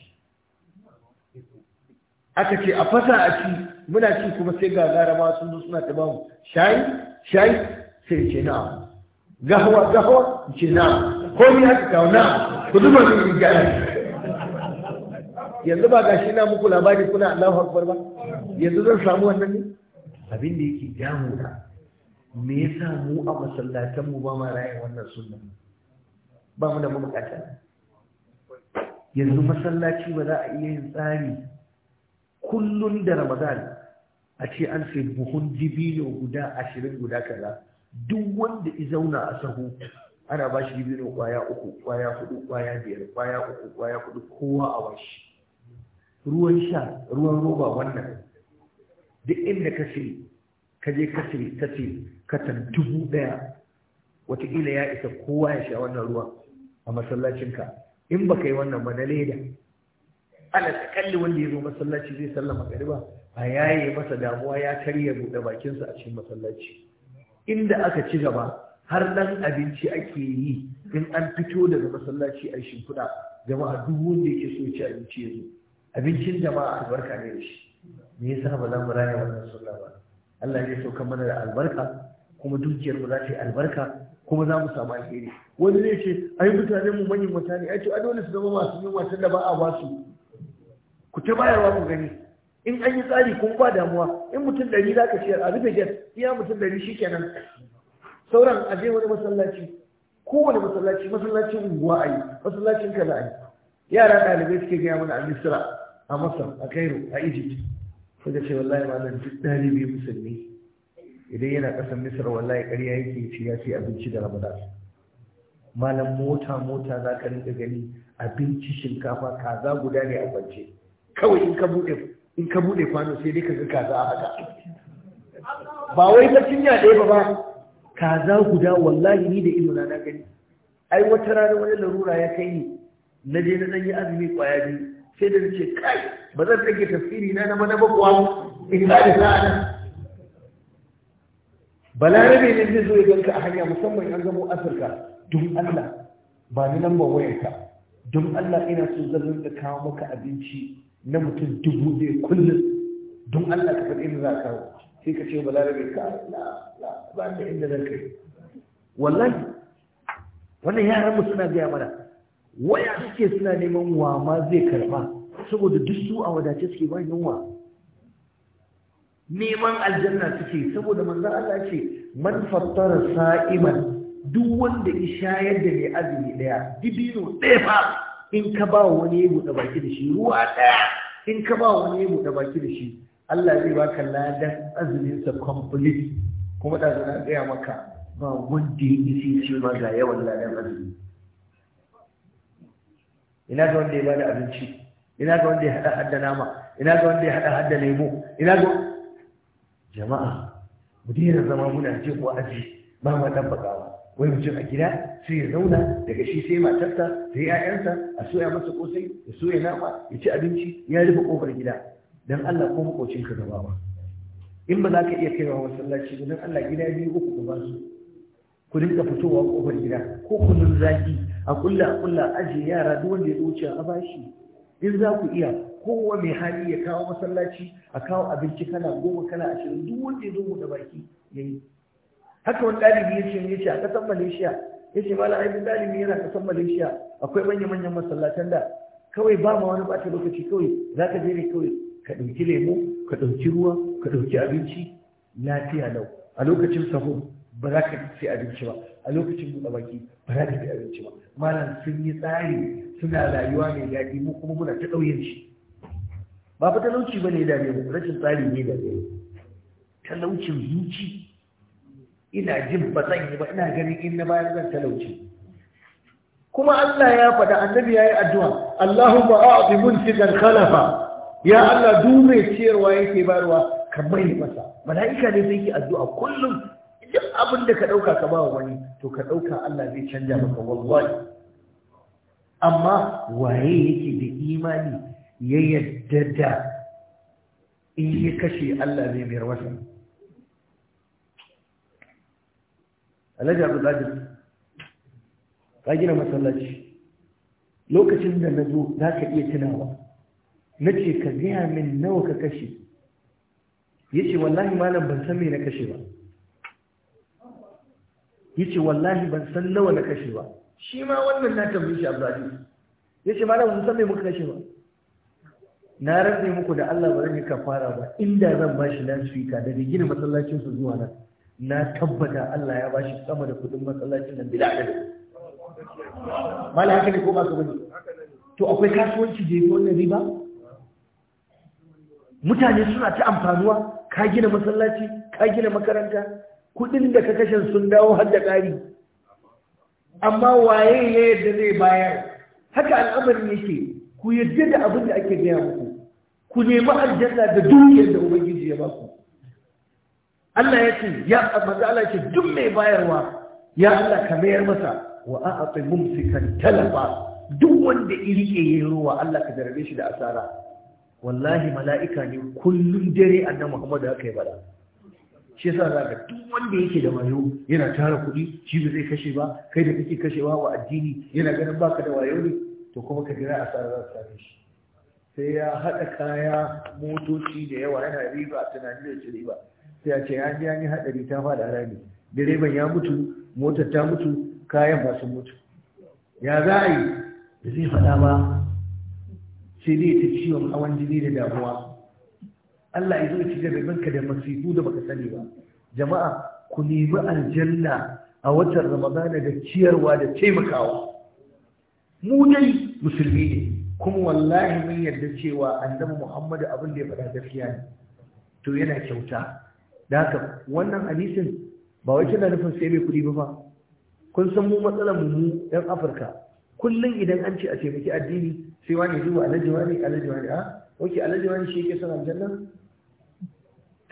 aka ce a fasa a ci muna ci kuma sai ga garama sun zo suna ta mu shayi shayi sai ce na gahawa gahawa ce na ko ni aka kawo na ku zuba min in gyara yanzu ba gashi na muku labari kuna Allahu akbar ba yanzu zan samu wannan ne abin da yake damu na me yasa mu a masallatan mu ba ma rayuwar wannan sunan ba mu da mabukata yanzu masallaci ba za a iya yin tsari kullun da ramadan a ce an sai buhun dibino guda ashirin guda kaza duk wanda i zauna a sahu ana ba shi dibino kwaya uku kwaya hudu kwaya biyar kwaya uku kwaya hudu kowa a washi ruwan sha ruwan roba wannan duk inda ka sai ka je ka sai ka ce dubu daya wataƙila ya isa kowa ya sha wannan ruwan a masallacinka in ba yi wannan ba na leda ala kalli wanda ya zo masallaci zai sallama gari ba a yaye masa damuwa ya karya buɗe bakinsa a cikin masallaci inda aka ci gaba har ɗan abinci ake yi in an fito daga masallaci a shimfiɗa jama'a duk wanda yake so ci abinci ya zo abincin jama'a albarka ne da shi me yasa ba za mu raya wannan sallah ba Allah ya sauka mana da albarka kuma dukiyar mu za ta yi albarka kuma za mu samu alheri wani zai ce ai mutane mu manyan mutane ai to a dole su zama masu yin wasan da ba a basu ku ta bayarwa ku gani in an yi tsari kuma ba damuwa in mutum dari za ka ce a rufe gas iya mutum dari shi kenan sauran a je wani masallaci kowane masallaci masallacin unguwa a yi masallacin kaza a yi yara ɗalibai suke gaya mana a misira a masar a cairo a egypt suka ce wallahi malam duk ɗalibi musulmi idan yana ƙasar misra wallahi ƙarya yake ce ya ce abinci da ramadan malam mota mota za ka rinka gani abinci shinkafa kaza guda ne a kwance kawai in ka bude in ka bude kwano sai dai ka ga kaza a haka ba wai ta cinya ɗaya ba ba kaza guda wallahi ni da ido na na gani ai wata rana wani larura ya kai ni na je na dan yi azumi kwaya biyu sai da ce, kai ba zan rage tafsiri na na ba na ba kuwa in ba da sa'a balarabe ne zai zo ya ganka a hanya musamman yan zamo afirka don allah ba ni nan ba wayanka. don allah ina so zan da kawo maka abinci na mutum dubu ɗaya kullum don allah ka faɗi inda za ka kawo sai ka ce balarabe ka la la ba da inda zan kai wallahi wannan yaran mu suna gaya mana waya suke suna neman wa ma zai karba saboda duk su a wadace suke ba yunwa neman aljanna suke saboda manzan Allah ce man fattara sa'iman duk wanda ya shayar da mai azumi daya dibino daya fa in ka ba wani ya buɗe baki da shi ruwa daya in ka ba wani ya buɗe baki da shi Allah zai baka ladan sa complete kuma da zana gaya maka ba wanda ya isi ce ma ga yawan ladan azumi ina ga wanda ya bada abinci ina ga wanda ya hada hadda nama ina ga wanda ya hada hadda lemo ina ga jama'a mu daina zama muna ji ko aji ba ma tabbakawa wai mutum a gida sai ya zauna daga shi sai matarsa sai ya'yansa a soya masa kosai ya soya nama ya ci abinci ya rufe kofar gida dan Allah ko makocin ka gaba ba in ba za ka iya kaiwa masallaci ba dan Allah gida biyu uku ku ba su ku dinga fitowa kofar gida ko kunun zaki a kulla a kulla aje yara duk wanda ya wuce a bashi in za ku iya Kowa mai hali ya kawo masallaci a kawo abinci kana goma kana ashirin duk wanda ya zo buɗe baki ya yi haka wani ɗalibi ya ce a ƙasar malaysia ya ce mala aibin ɗalibi yana ƙasar malaysia akwai manya-manyan masallatan da kawai ba ma wani bata lokaci kawai za ka je ne kawai ka ɗauki lemo ka ɗauki ruwa ka ɗauki abinci lafiya lau a lokacin saho ba za ka ci abinci ba a lokacin buɗe baki ba za ka ci abinci ba malam sun yi tsari suna rayuwa mai daɗi mu kuma muna ta ɗauyen shi ba fa talauci bane da ne rashin tsari ne da ne talaucin zuci ina jin ba zan yi ba ina ganin in na bayan zan talauci kuma Allah ya faɗa annabi yayi addu'a Allahumma a'ti mulkikan khalafa ya Allah duk ciyarwa yake barwa ka mai masa mala'ika ne sai ki addu'a kullum duk abin da ka dauka ka ba wani to ka dauka Allah zai canja maka wallahi amma waye yake da imani ya yadda da in yi kashe Allah zai biyar wasa alhaji abu zajir ka gina masallaci lokacin da na zo za ka iya tunawa na ce ka gaya min nawa ka kashe ya ce wallahi malam ban san me na kashe ba ya ce wallahi ban san nawa na kashe ba shi ma wannan na tambayi shi abu ya ce malam ban san me muka kashe ba na rabe muku da Allah ba zan yi kafara ba inda zan ba bashi ka daga gina masallacin su zuwa nan na tabbata Allah ya ba shi sama da kudin masallacin nan bila da mala haka ne ko ba ka bane to akwai kasuwanci da yake wannan riba mutane suna ta amfanuwa ka gina masallaci ka gina makaranta kudin da ka kashe sun dawo har da ƙari amma waye ya yadda zai bayar haka al'amarin yake ku yadda da abin da ake gaya muku ku nemi aljanna da dukiyar da ubangiji ya baku Allah ya ce ya amma Allah ya ce duk mai bayarwa ya Allah ka mayar masa wa a'ti mumsikan talaba duk wanda irike yayin ruwa Allah ka darbe shi da asara wallahi mala'ika ne kullum dare annabi Muhammad haka ya bada shi yasa za duk wanda yake da wayo yana tara kuɗi shi ba zai kashe ba kai da kake kashewa wa addini yana ganin baka da wayo ne to kuma ka jira asara za ta shi sai ya haɗa kaya motoci da yawa yana riba tunani da ci riba sai ya ce ya ji an yi haɗari ta fada rami direban ya mutu motar ta mutu kayan ba mutu ya za a yi da zai faɗa ba sai dai ta ciwon hawan jini da damuwa Allah ya zo ci da ka da masifu da baka sani ba jama'a ku nemi aljanna a watan ramadana da ciyarwa da taimakawa mu dai musulmi ne kuma wallahi mun yarda cewa annabi Muhammadu abin da ya faɗa gaskiya ne to yana kyauta da haka wannan hadisin ba wai tana nufin sai mai kuɗi ba kun san mu matsalar mu mu ɗan Afirka kullum idan an ce a taimaki addini sai wani ya zuwa alhaji wani alhaji wani a ah, oke alhaji wani shi yake son aljanna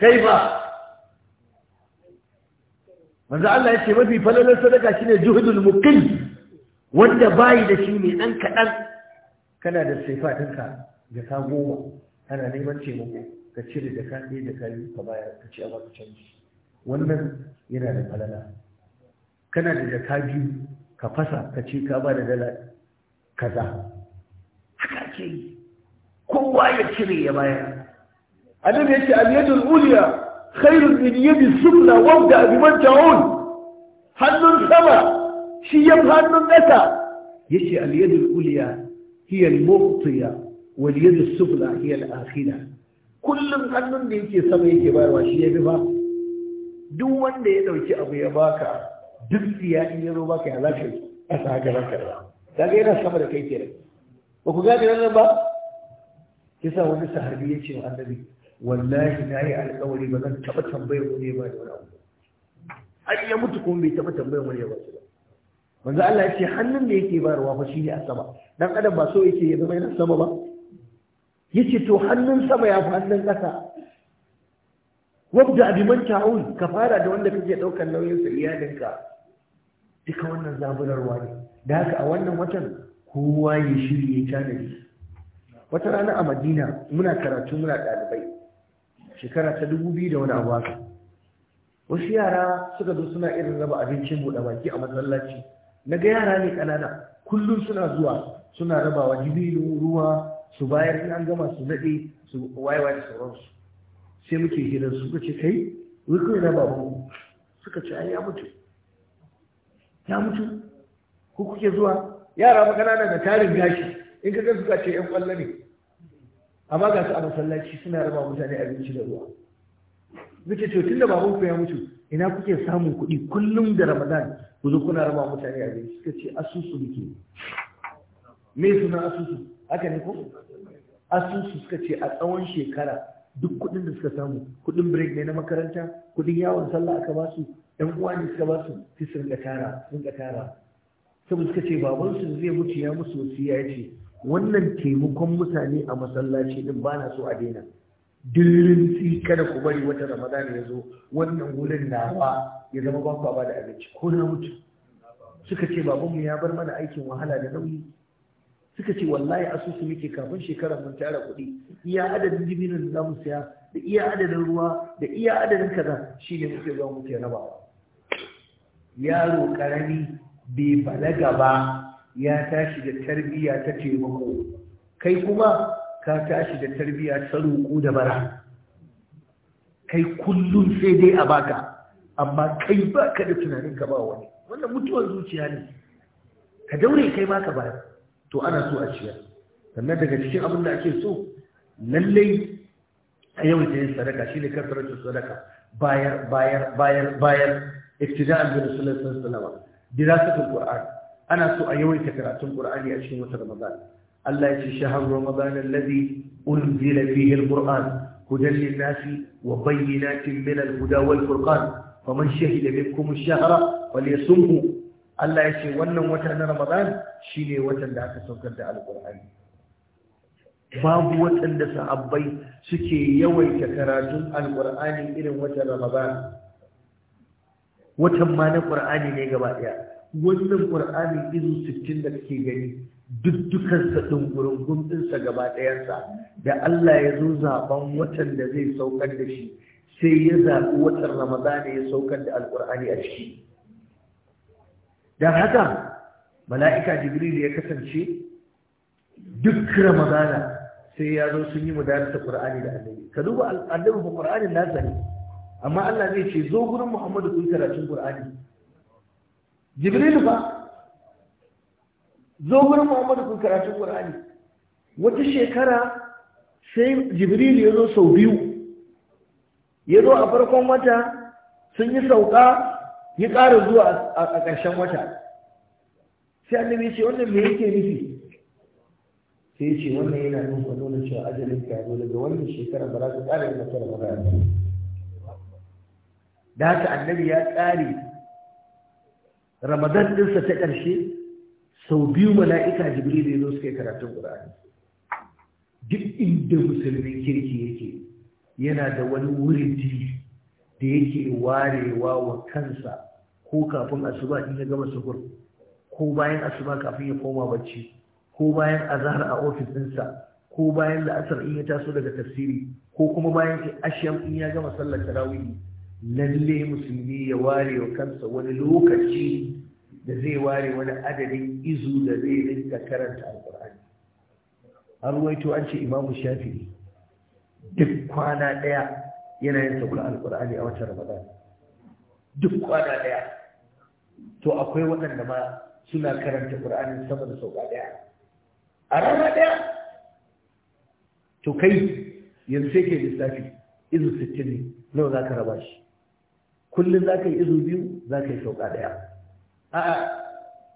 kai ba manzo Allah ya ce mafi falalar sadaka shine juhudul muqim wanda bayi da shi ne dan kadan kana da sifatinka ka goma kana neman taimako ka cire da ka ɗaya da kayi ka bayar ka ci a canji wannan yana da falala kana da jaka biyu ka fasa ka ce ka ba da dala kaza haka ke yi kowa ya cire ya bayar annabi ya ce yadul uliya khairun min yadi sufla wabda bi man ta'un hannun sama shi yam hannun ƙasa yace al-yadul uliya hiya al-muqtiya wal yad as-sufla hiya kullum hannun da yake sama yake bayarwa shi ya bi ba duk wanda ya ɗauki abu ya baka duk tsiya in ya zo baka ya lafiya a sa haka ranka daga yana sama da kai kenan ba ku gane wannan ba yasa wani sahabi ya ce annabi wallahi na yi alƙawari ba zan taɓa tambayar wani ba da wani abu an ya mutu kuma bai taɓa tambayar wani ba Allah ya ce hannun da yake bayarwa fa shi ne a dan adam ba so yake ya zama yana sama ba yace to hannun sama ya fi hannun ƙasa wabda bi man ta'ul ka fara da wanda kake daukar nauyin sa iyalinka duka wannan zaburarwa ne da haka a wannan watan kowa ya shirye tanadi wata rana a Madina muna karatu muna ɗalibai shekara ta dubu biyu da wani abu haka wasu yara suka zo suna irin raba abincin buɗe baki a masallaci na ga yara ne ƙanana kullum suna zuwa suna rabawa jibilu ruwa su bayar in an gama su daɗe su wayewa da sauransu sai muke hirar su ce kai wikiri na babu suka ce ai ya mutu ya mutu ko kuke zuwa yara makanana da tarin gashi in ka suka ce yan kwallo ne amma ga su a masallaci suna raba mutane abinci da ruwa muke ce tun da babanku ya mutu ina kuke samun kuɗi kullum da ramadan ku zo kuna raba mutane abinci suka ce asusu muke me suna asusu haka ne ko asusu suka ce a tsawon shekara duk kuɗin da suka samu kuɗin break ne na makaranta kuɗin yawon sallah aka ba su ɗan uwa ne suka ba su sai su tara sun tara saboda suka ce su zai mutu ya musu wasiya ya ce wannan taimakon mutane a masallaci din ba na so a daina dirin si kada ku bari wata ramadana ya zo wannan wurin nawa ya zama ba ku ba da abinci ko na mutu suka ce babanmu ya bar mana aikin wahala da nauyi suka ce wallahi asusu muke kafin shekara mun tara kuɗi iya adadin dibinin da zamu siya da iya adadin ruwa da iya adadin kaza shine muke zuwa muke rabawa yaro karami bai balaga ba ya tashi da tarbiyya ta taimako kai kuma ka tashi da tarbiyya ta roƙo da bara kai kullum sai dai a baka amma kai baka da tunanin ka ba wani wannan mutuwar zuciya ne ka daure kai ma ka to ana so a ciyar sannan daga cikin abin da ake so lallai a yau da yin sadaka shi ne kasarancin sadaka bayar bayar bayar bayar ibtida'an bi rasulullahi sallallahu alaihi wasallam dirasatul qur'an ana so a yawaita karatun qur'ani a cikin watan ramadan Allah ya ce shahar ramadan alladhi unzila fihi alquran hudan lin-nasi wa bayyinatin min al-huda wal-furqan faman shahida minkum ash-shahra falyasumhu Allah ya ce wannan wata na Ramadan shi ne watan da aka saukar da Alƙur'ani. Babu watan da sahabbai suke yawaita karatun Alƙur'ani irin watan Ramadan. Watan ma na Ƙur'ani ne gaba ɗaya. Wannan Ƙur'ani izu sittin da kake gani duk dukansa ɗungurungun ɗinsa gaba ɗayansa da Allah ya zo zaban watan da zai saukar da shi sai ya zaɓi watan Ramadan ya saukar da Alƙur'ani a ciki. don haka mala'ika jibril ya kasance duk ramadana sai ya zo sun yi mudarasa qur'ani da annabi ka duba annabi ba qur'anin nasa ne amma Allah zai ce zo gurin Muhammadu kun karatun qur'ani jibril ba zo gurin Muhammadu kun karatun qur'ani wata shekara sai jibril ya zo sau biyu ya zo a farkon wata sun yi sauka ya ƙara zuwa a ƙarshen wata sai annabi ce wannan me yake nufi sai ce wannan yana nuna nuna cewa ajalin ka zo daga wannan shekarar ba za ka ƙara yin nasara ba ba da haka annabi ya ƙare ramadan ɗinsa ta ƙarshe sau biyu mala'ika da ya zo suka yi karatun ƙur'ani duk inda musulmin kirki yake yana da wani wurin jiri da yake warewa wa kansa ko kafin asuba in ya gama sukur ko bayan asuba kafin ya koma bacci ko bayan azhar a ofis ɗinsa ko bayan la'asar in ya taso daga tafsiri ko kuma bayan ashiyam in ya gama sallar tarawih lalle musulmi ya ware wa kansa wani lokaci da zai ware wani adadin izu da zai rinka karanta alkur'ani an ruwaito an ce imamu shafi'i duk kwana ɗaya yana yin saukar alkur'ani a watan ramadan duk kwana daya to akwai waɗanda ma suna karanta ƙur'anin sama da sauka daya a rana daya to kai yanzu sai ke lissafi izu sittin ne nawa za ka raba shi kullum za ka yi izu biyu za ka yi sauka daya a'a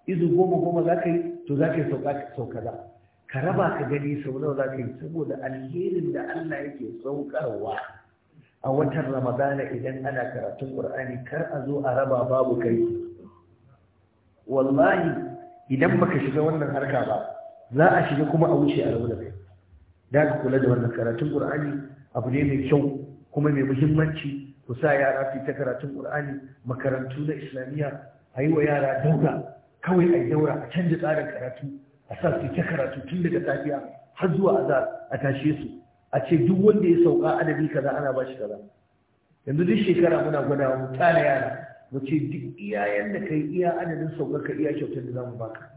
izu goma goma za ka yi to za ka yi sauka za ka raba ka gani sau nawa za ka yi saboda alherin da Allah yake saukarwa a watan ramadana idan ana karatun ƙur'ani kar a zo a raba babu kai wallahi idan baka shiga wannan harka ba za a shiga kuma a wuce a rabu da kai da ka kula da wannan karatun ƙur'ani abu ne mai kyau kuma mai muhimmanci ku sa yara su ta karatun ƙur'ani makarantu na islamiyya a yi wa yara daura kawai a daura a canza tsarin karatu a sa su ta karatu tun daga safiya har zuwa azar a tashe su a ce duk wanda ya sauka adadi kaza ana ba shi kaza yanzu duk shekara muna gwada mu tara yara mu ce duk iyayen da kai iya adadin saukar ka iya kyautar da zamu baka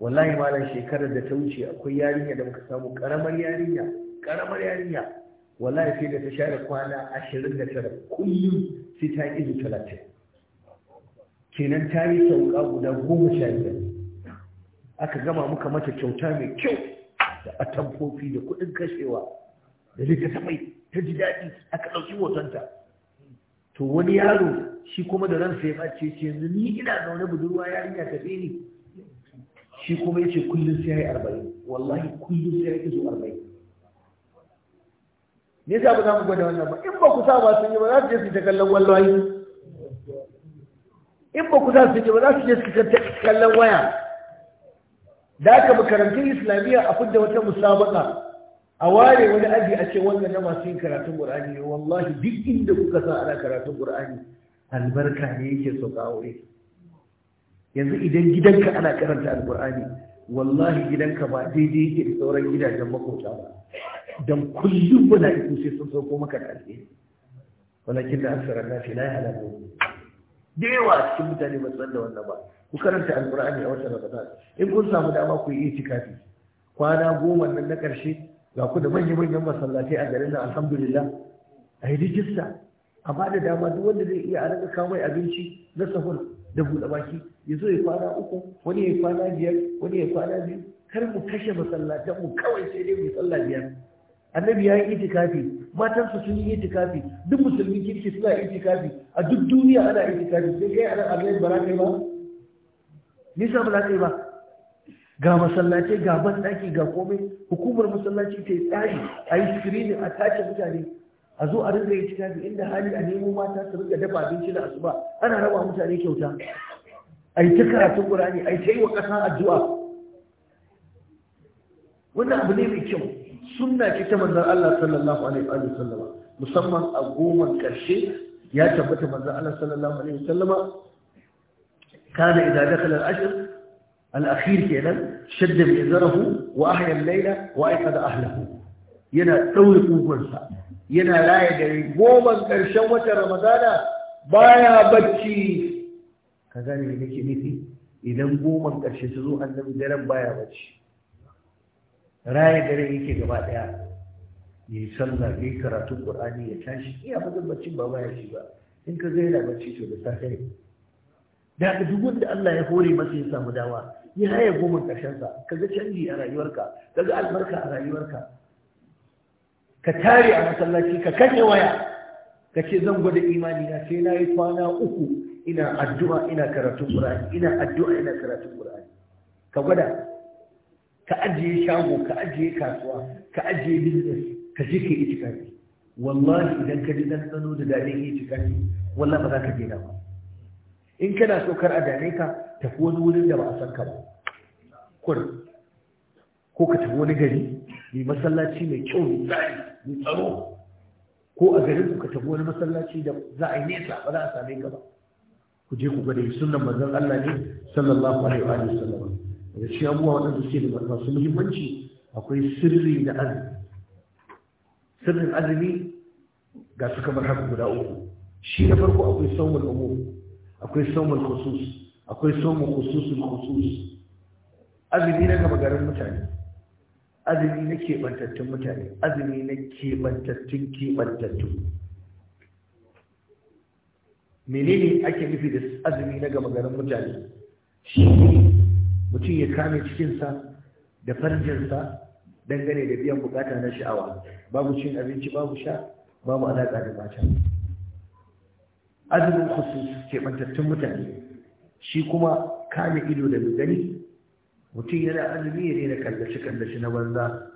wallahi malam shekarar da ta wuce akwai yarinya da muka samu karamar yarinya karamar yarinya wallahi sai da ta share kwana 29 kullum sai ta izu 30 kenan ta yi sauka guda goma sha biyar. aka gama muka mata kyauta mai kyau kofi da kuɗin kashewa da littattafai ta ji daɗi aka ɗauki hotonta to wani yaro shi kuma da ransa ya ɓace ce yanzu ni ina zaune budurwa yarinya ta ni shi kuma ya ce kullum sai ya yi arba'in wallahi kullum sai ya yi izo arba'in me yasa ba za mu gwada wannan ba in ba ku sa sun yi ba za su je su ta kallon wallahi in ba ku sa su je ba za su je su ta kallon waya da aka makarantun islamiyya a fidda wata musabaka a ware wani aji a ce wannan na masu yin karatun qur'ani ne wallahi duk inda kuka sa ana karatun qur'ani albarka ne yake sauka aure yanzu idan gidanka ana karanta alqur'ani wallahi gidanka ba daidai yake da sauran gidajen makota ba Don kullum mala'iku sai sun sauko maka da alheri walakin da asara na fi la ya'lamu da yawa cikin mutane ba san da wannan ba ku karanta alqur'ani a watan ramadan in kun samu dama ku yi itikafi kwana goma nan na ƙarshe ga ku da manyan manyan masallatai a garin nan alhamdulillah a yi rijista a ba da dama duk wanda zai iya a rika kawo mai abinci na sahur da buɗe baki ya zo ya kwana uku wani ya kwana biyar wani ya kwana biyu kar mu kashe masallatan mu kawai sai dai mu sallah biyar annabi ya yi itikafi matansa sun yi itikafi duk musulmin kirki suna itikafi a duk duniya ana itikafi sai kai anan abin barakai ba nisa ba za ka yi ba ga masallaci ga banɗaki ga komai hukumar masallaci ta yi tsari a yi screening a tace mutane a zo a rinda yi cikin inda hali a nemo mata su rinda dafa abinci da asuba ana raba mutane kyauta a yi ta karatun ƙurani a yi ta yi wa ƙasa addu'a wannan abu ne mai kyau sunna ce ta manzan Allah sallallahu alaihi wa sallama musamman a goma ƙarshe ya tabbata manzan Allah sallallahu alaihi wa sallama كان إذا دخل العشر الأخير كينا شد مئزره وأحيا zarafu, وأيقظ أهله ينا تولي قوة yana raya gari goman ƙarshen watan ramadana baya bacci ka gane me nake nufi idan goman ƙarshe su zo annabi daren baya bacci raya daren yake gaba ɗaya ya yi karatun ƙur'ani ya tashi iya baccin ba baya shi ba in ka ga yana bacci to da safe da haka duk wanda Allah ya hore masa ya samu dawa ya haya goma karshen sa ga canji a rayuwarka kaga albarka a rayuwarka ka tare a masallaci ka kashe waya ka ce zan gwada imani na sai na yi kwana uku ina addu'a ina karatun Qur'ani ina addu'a ina karatun Qur'ani ka gwada ka ajiye shago ka ajiye kasuwa ka ajiye business ka je ka itikafi wallahi idan ka ji dan tsano da dadin itikafi wallahi ba za ka je ba in kana so kar a dame ka tafi wani wurin da ba a san ka ba kur ko ka tafi wani gari mai masallaci mai kyau mai tsari mai tsaro ko a garin ku ka tafi wani masallaci da za a yi nesa ba za a same ka ba ku je ku gani sunan manzon Allah ne sallallahu alaihi wa sallam daga cikin abubuwa waɗanda suke da masu muhimmanci akwai sirri da azumi sirrin azumi ga su kamar haka guda uku shi na farko akwai sauwar umuru akwai somul khusus akwai somul khususul khusus azumi na gaba garin mutane azumi na keɓantattun mutane azumi na keɓantattun keɓantattun menene ake nufi da azumi na gama garin mutane shi ne mutum ya kame cikinsa da farjinsa dangane da biyan bukata na sha'awa babu cin abinci babu sha babu alaƙa da mata azumin khusus keɓantattun mutane shi kuma kame ido da gani mutum yana azumi ya daina kallashi kallashi na banza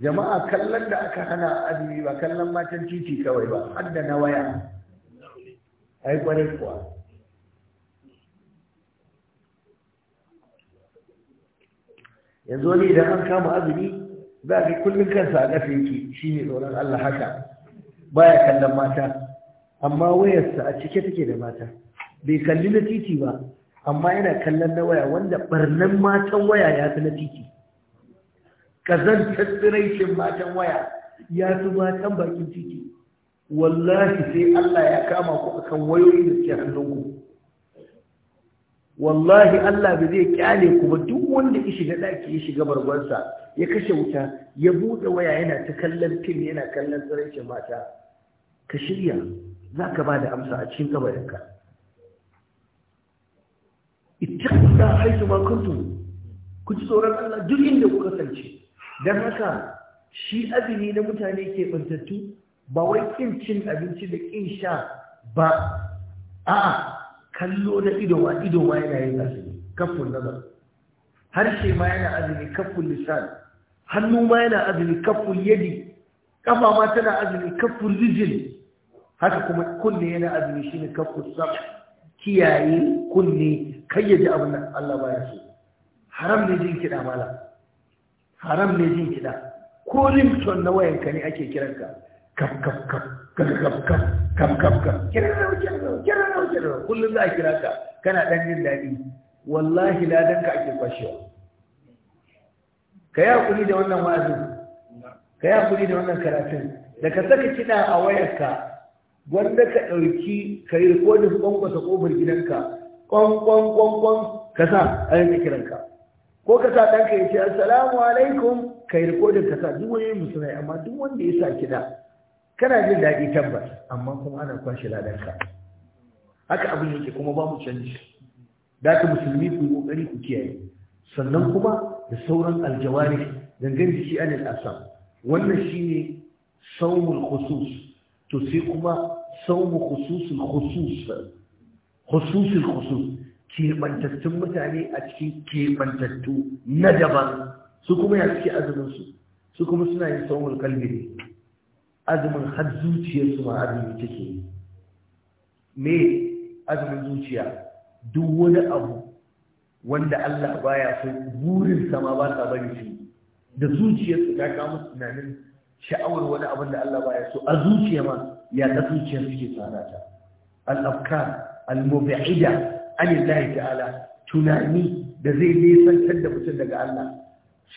jama'a kallon da aka hana azumi ba kallon matan titi kawai ba har da na waya ai kwarai kuwa yanzu wani idan an kama azumi za a ga kullum kansa a ƙafe yake shi ne tsoron Allah haka baya kallon mata amma wayarsa a cike take da mata bai kalli na titi ba amma yana kallon na waya wanda barnan matan waya ya fi na titi kazan tsiraicin matan waya ya fi matan bakin titi wallahi sai Allah ya kama ku akan wayoyi da suke hannunku wallahi Allah ba zai kyale ku ba duk wanda ya shiga ɗaki ya shiga barbarsa ya kashe wuta ya buɗe waya yana ta kallon fim yana kallon tsiraicin mata ka shirya za ka ba da amsa a cikin kabarinka ittaqu da haitu ma ku ji tsoron Allah duk inda ku kasance Don haka shi azumi na mutane ke bantattu ba wai kin cin abinci da kin sha ba a'a kallo na ido ma yana yin azumi kafin nazar harshe ma yana azumi kafin lisan hannu ma yana azumi kafin yadi kafa ma tana azumi kafin rijil haka kuma kunne yana azumi shine kafin sab kiyaye kunne kayyaje abin da Allah baya so haram ne jin kiɗa mala haram ne jin kiɗa ko rimton na wayanka ne ake kiranka kaf kaf kaf kaf kaf kaf kaf kaf kaf kiran rawa kiran rawa kiran kullum za a kira ka kana ɗan jin daɗi wallahi ladanka ake kwashewa ka yi hakuri da wannan wa'azin ka yi hakuri da wannan karatun da ka saka kiɗa a wayarka wanda ka ɗauki ka yi rikodin ƙwanƙwasa ƙofar gidanka kwankwankwankwan ka sa a yanzu kiranka ko ka sa ɗanka ya ce assalamu alaikum ka yi rikodin ka sa duk wani yin musulmai amma duk wanda ya sa kiɗa kana jin daɗi tabbas amma kuma ana kwashe ladanka haka abin yake kuma ba mu canji da ta musulmi ku yi ƙoƙari ku kiyaye sannan kuma da sauran aljawari dangane da shi nan asam wannan shine saumul khusus to sai kuma saumu khususul khusus khususul khusus keɓantattun mutane a cikin keɓantattu na daban su kuma ya suke azuminsu, su kuma suna yin saumul kalbi ne azumin har zuciyarsu ma azumi take me azumin zuciya duk wani abu wanda Allah baya so burin sama ba ta bari shi da zuciyarsu ta kawo tunanin sha'awar wani abin da Allah baya so a zuciya ma ya ta zuciyar suke tsara ta al-afkar al-mub'ida anillahi ta'ala tunani da zai nisantar da mutum daga Allah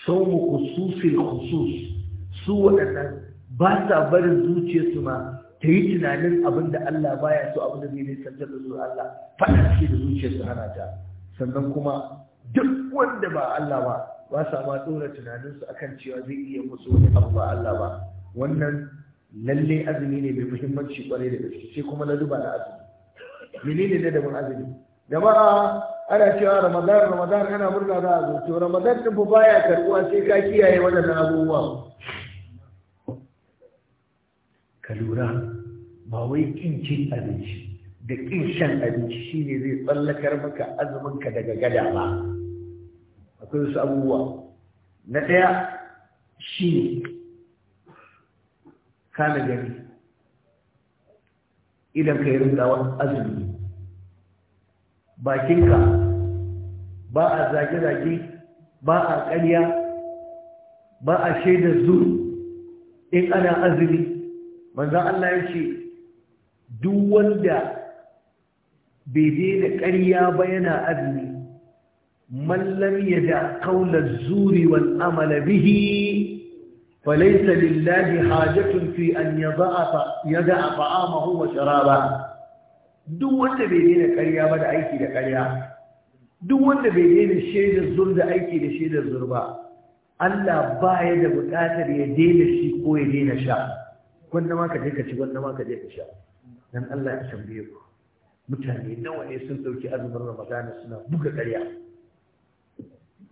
saumu kususin kusus, su waɗannan ba sa barin zuciyarsu ma ta yi tunanin abin da Allah baya so abin da zai nisantar da zuwa Allah faɗa ce da zuciyarsu hana ta sannan kuma duk wanda ba Allah ba ba sa ma dora tunaninsu akan cewa zai iya musu wani abu ba Allah ba wannan lalle azumi ne mai muhimmanci kwarai da gaske sai kuma na duba na azumi menene ne mun azumi jama'a ana cewa ramadan ramadan ana murna da azumi to ramadan din baya karuwa sai ka kiyaye wannan abubuwa ka lura ba wai kin cin abinci da kin shan abinci shine zai tsallakar maka azumin ka daga gada ba akwai wasu abubuwa na ɗaya shi kana gani idan ka yi rindawa azumi bakinka ba a zage-zage ba a ƙarya ba a shaida zuru in ana azumi manzan Allah ya ce duk wanda bai daina ƙarya ba yana azumi من لم يدع قول الزور والأمل به فليس لله حاجة في أن يضع يدع طعامه وشرابه دو وانت بيدين كريا بدا ايكي لكريا دو وانت بيدين الشيء الزر دا ايكي لشيء الزر با ألا با متاثر بكاتر يدين الشيء قوة دين شاء كنا ما كديك شيء كنا ما كديك شاء لأن الله يسمى بيكو نوعي سنتوكي أرض الرمضان السنة بك كريا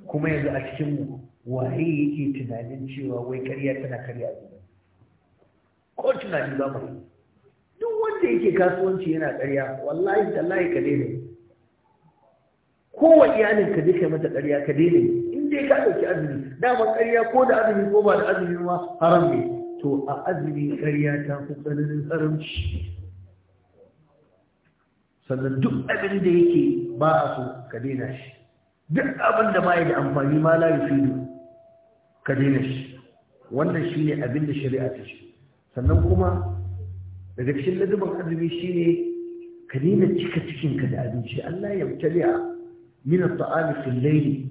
kuma yanzu a cikin waye yake tunanin cewa wai karya tana karya a ko tunani ba mai duk wanda yake kasuwanci yana karya wallahi tallahi ka daina wa iyalin ka duka mata karya ka daina in dai ka dauki azumi daman karya ko da azumi ko ba da azumi ma haram ne to a azumi karya ta fi tsananin haramci sannan duk abin da yake ba a so ka daina shi duk abin da bai da amfani ma la yufidu ka daina shi wannan shine abin da shari'a ta ce sannan kuma daga cikin ladabin azumi shine ka daina cika cikinka da abinci Allah ya mutali'a min at-ta'ami fil layl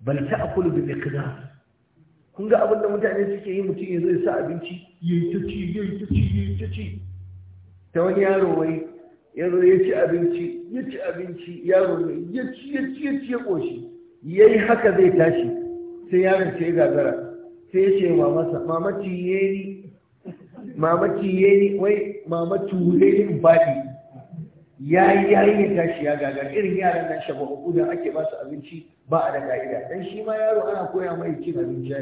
bal ta'kulu bi miqdar kun ga abin da mutane suke yi mutum ya zo ya sa abinci yayi ta ci yayi ta ci yayi ta ci ta wani yaro wai Yanzu ya ci abinci ya ci abinci yaro ne ya ci ya ci ya ci ya ƙoshi ya yi haka zai tashi sai yaron ce gagara sai ya ce mamasa mamaci ya ni mamaci ya ni wai mamaci ya ni baɗi ya yi ya yi ya tashi ya gagara irin yaran nan shafa da ake ba su abinci ba a da ka'ida dan shi ma yaro ana koya mai cin abinci ya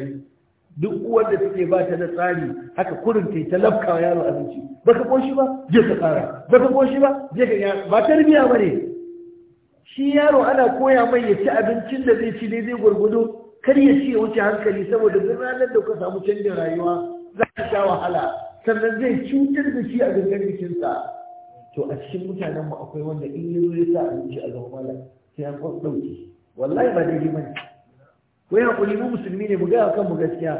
duk uwar da take ba ta da tsari haka kurin ta ta lafka yaro abinci baka koshi ba je ka tsara baka koshi ba je ka ba tarbiya bane shi yaro ana koya mai ya ci abincin da zai ci ne zai gurgudu kar ya ci ya wuce hankali saboda duk ranar da ka samu canjin rayuwa za ka sha wahala sannan zai cutar da shi a gangan jikinsa to a cikin mutanen mu akwai wanda in yi ya sa abinci a zama sai an ɗauke wallahi ba daidai bane ko ya kuli mu musulmi ne mu ga kan mu gaskiya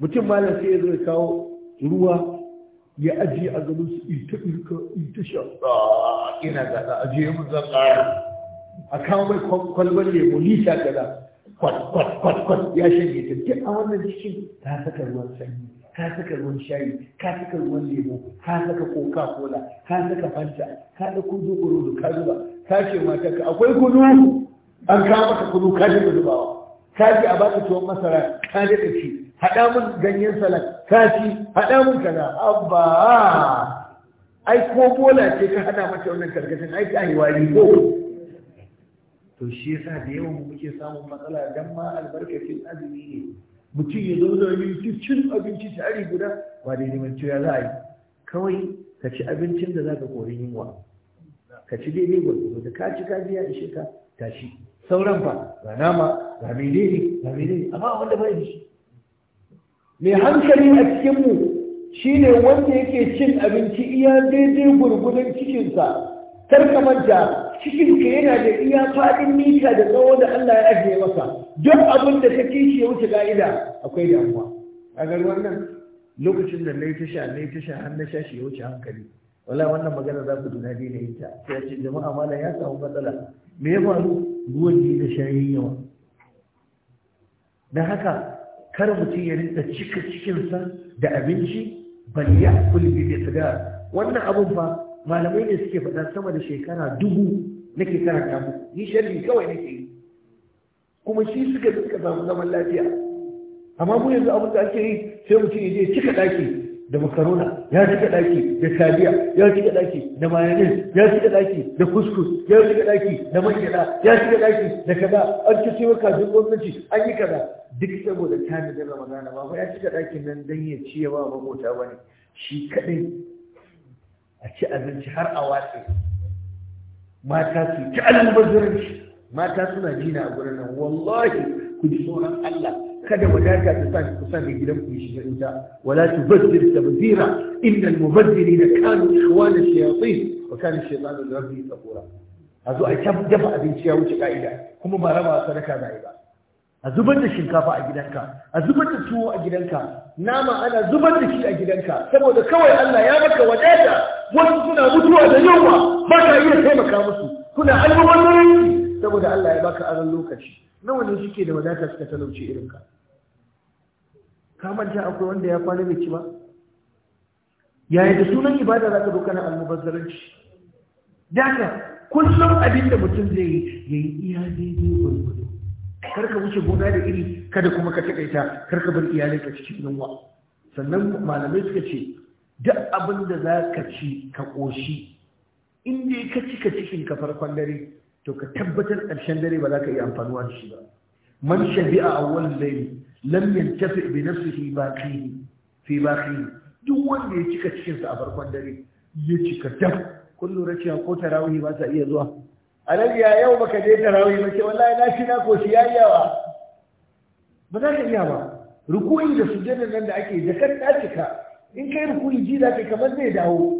mutum malam sai ya zo ya kawo ruwa ya ajiye a gaban su ita irka ita sha ah, ina gada ajiye mu zan ƙara a kawo mai kwalban lemu nisa gada kwat kwat kwat kwat ya shige ta duk a wannan cikin ta saka ruwan sanyi ka saka ruwan shayi ka saka ruwan lemu ka saka koka-kola, ka saka fanta ka da kudu kudu ka zuba ka ce mata ka akwai kudu an kawo maka kudu ka zuba zubawa ka ji a baka tuwon masara ka daɗa ci haɗa mun ganyen salak ka ci haɗa mun kaza abba ai ko bola ce ka haɗa mata wannan karkashin ai ta wari ko to shi yasa da yawan mu muke samun matsala dan ma albarkacin azumi ne mutum ya da yi cin abinci tare guda ba da neman cewa za a yi kawai ka ci abincin da za ka kori yunwa ka ci daidai gwargwado da ka ci ka biya ishe ka tashi sauran fa ga nama ga menene ga menene amma wanda bai da shi mai hankali a cikinmu shi ne wanda yake cin abinci iya daidai gurgudan cikinsa kar ka manta cikinka yana da iya faɗin mita da tsawo da Allah ya ajiye masa duk abin da ka kishi ya wuce ka'ida akwai damuwa a ga wannan lokacin da nayi tasha nayi tasha har sha shi ya wuce hankali wala wannan magana za ku duna ne ta sai a ce jama'a malam ya samu matsala me ya faru ruwan ne da shayi yawa don haka kar mutum ya rinta cika cikinsa da abinci bal ya kulbi da tsada wannan abin fa malamai ne suke faɗa sama da shekara dubu nake karanta mu ni sharri kawai nake yi kuma shi suka suka samu zaman lafiya amma mu yanzu abin da ake yi sai mutum ya je cika ɗaki da makarona ya cika daki da taliya ya cika daki da mayanis ya cika daki da kuskus ya cika daki da mangyada ya cika daki da kaza an ci sai maka duk gwamnati an yi kaza duk saboda tani da ramadana ba ya cika dakin nan dan ya ci ya ba makota bane shi kadai a ci abinci har a watsi mata su ci almubazzaranci mata suna jina a gurin nan wallahi ku ji tsoron Allah kada wadata ta sa ku sa gidan ku shi ita wala tubazzir tabzira innal mubazzirina kanu ikhwana shayatin wa kana shaytanu li rabbihi kafura a zo a dafa abinci ya wuce ka'ida kuma ba raba sadaka za ba a zubar da shinkafa a gidanka a zubar da tuwo a gidanka nama ana zubar da shi a gidanka saboda kawai Allah ya maka wadata wasu suna mutuwa da yunwa ba ka iya taimaka musu kuna almubazzaranci saboda Allah ya baka aron lokaci nawa ne shike da wadata suka talauce ka? ka manta akwai wanda ya kwana mai ci ba yaya da sunan ibada za ka zo kana almubazzaranci daga kullum abin da mutum zai yi ya iya daidai gwargwado kar wuce gona da iri kada kuma ka taƙaita kar ka bar iyalai ka cikin yunwa sannan malamai suka ce duk abin da za ka ci ka ƙoshi inda dai ka cika cikin ka farkon dare to ka tabbatar ƙarshen dare ba za ka iya amfanuwa da shi ba man shabi'a awwal layl lam yantafi bi nafsihi baqihi fi baqihi duk wanda ya cika cikin a farkon dare ya cika dab kun lura cewa ko tarawih ba sa iya zuwa alaji ya yau baka je tarawih ba ce na shi na koshi ya yawa ba za ka iya ba rukuyi da sujjada nan da ake da kan ta cika in kai rukuyi ji da kamar zai dawo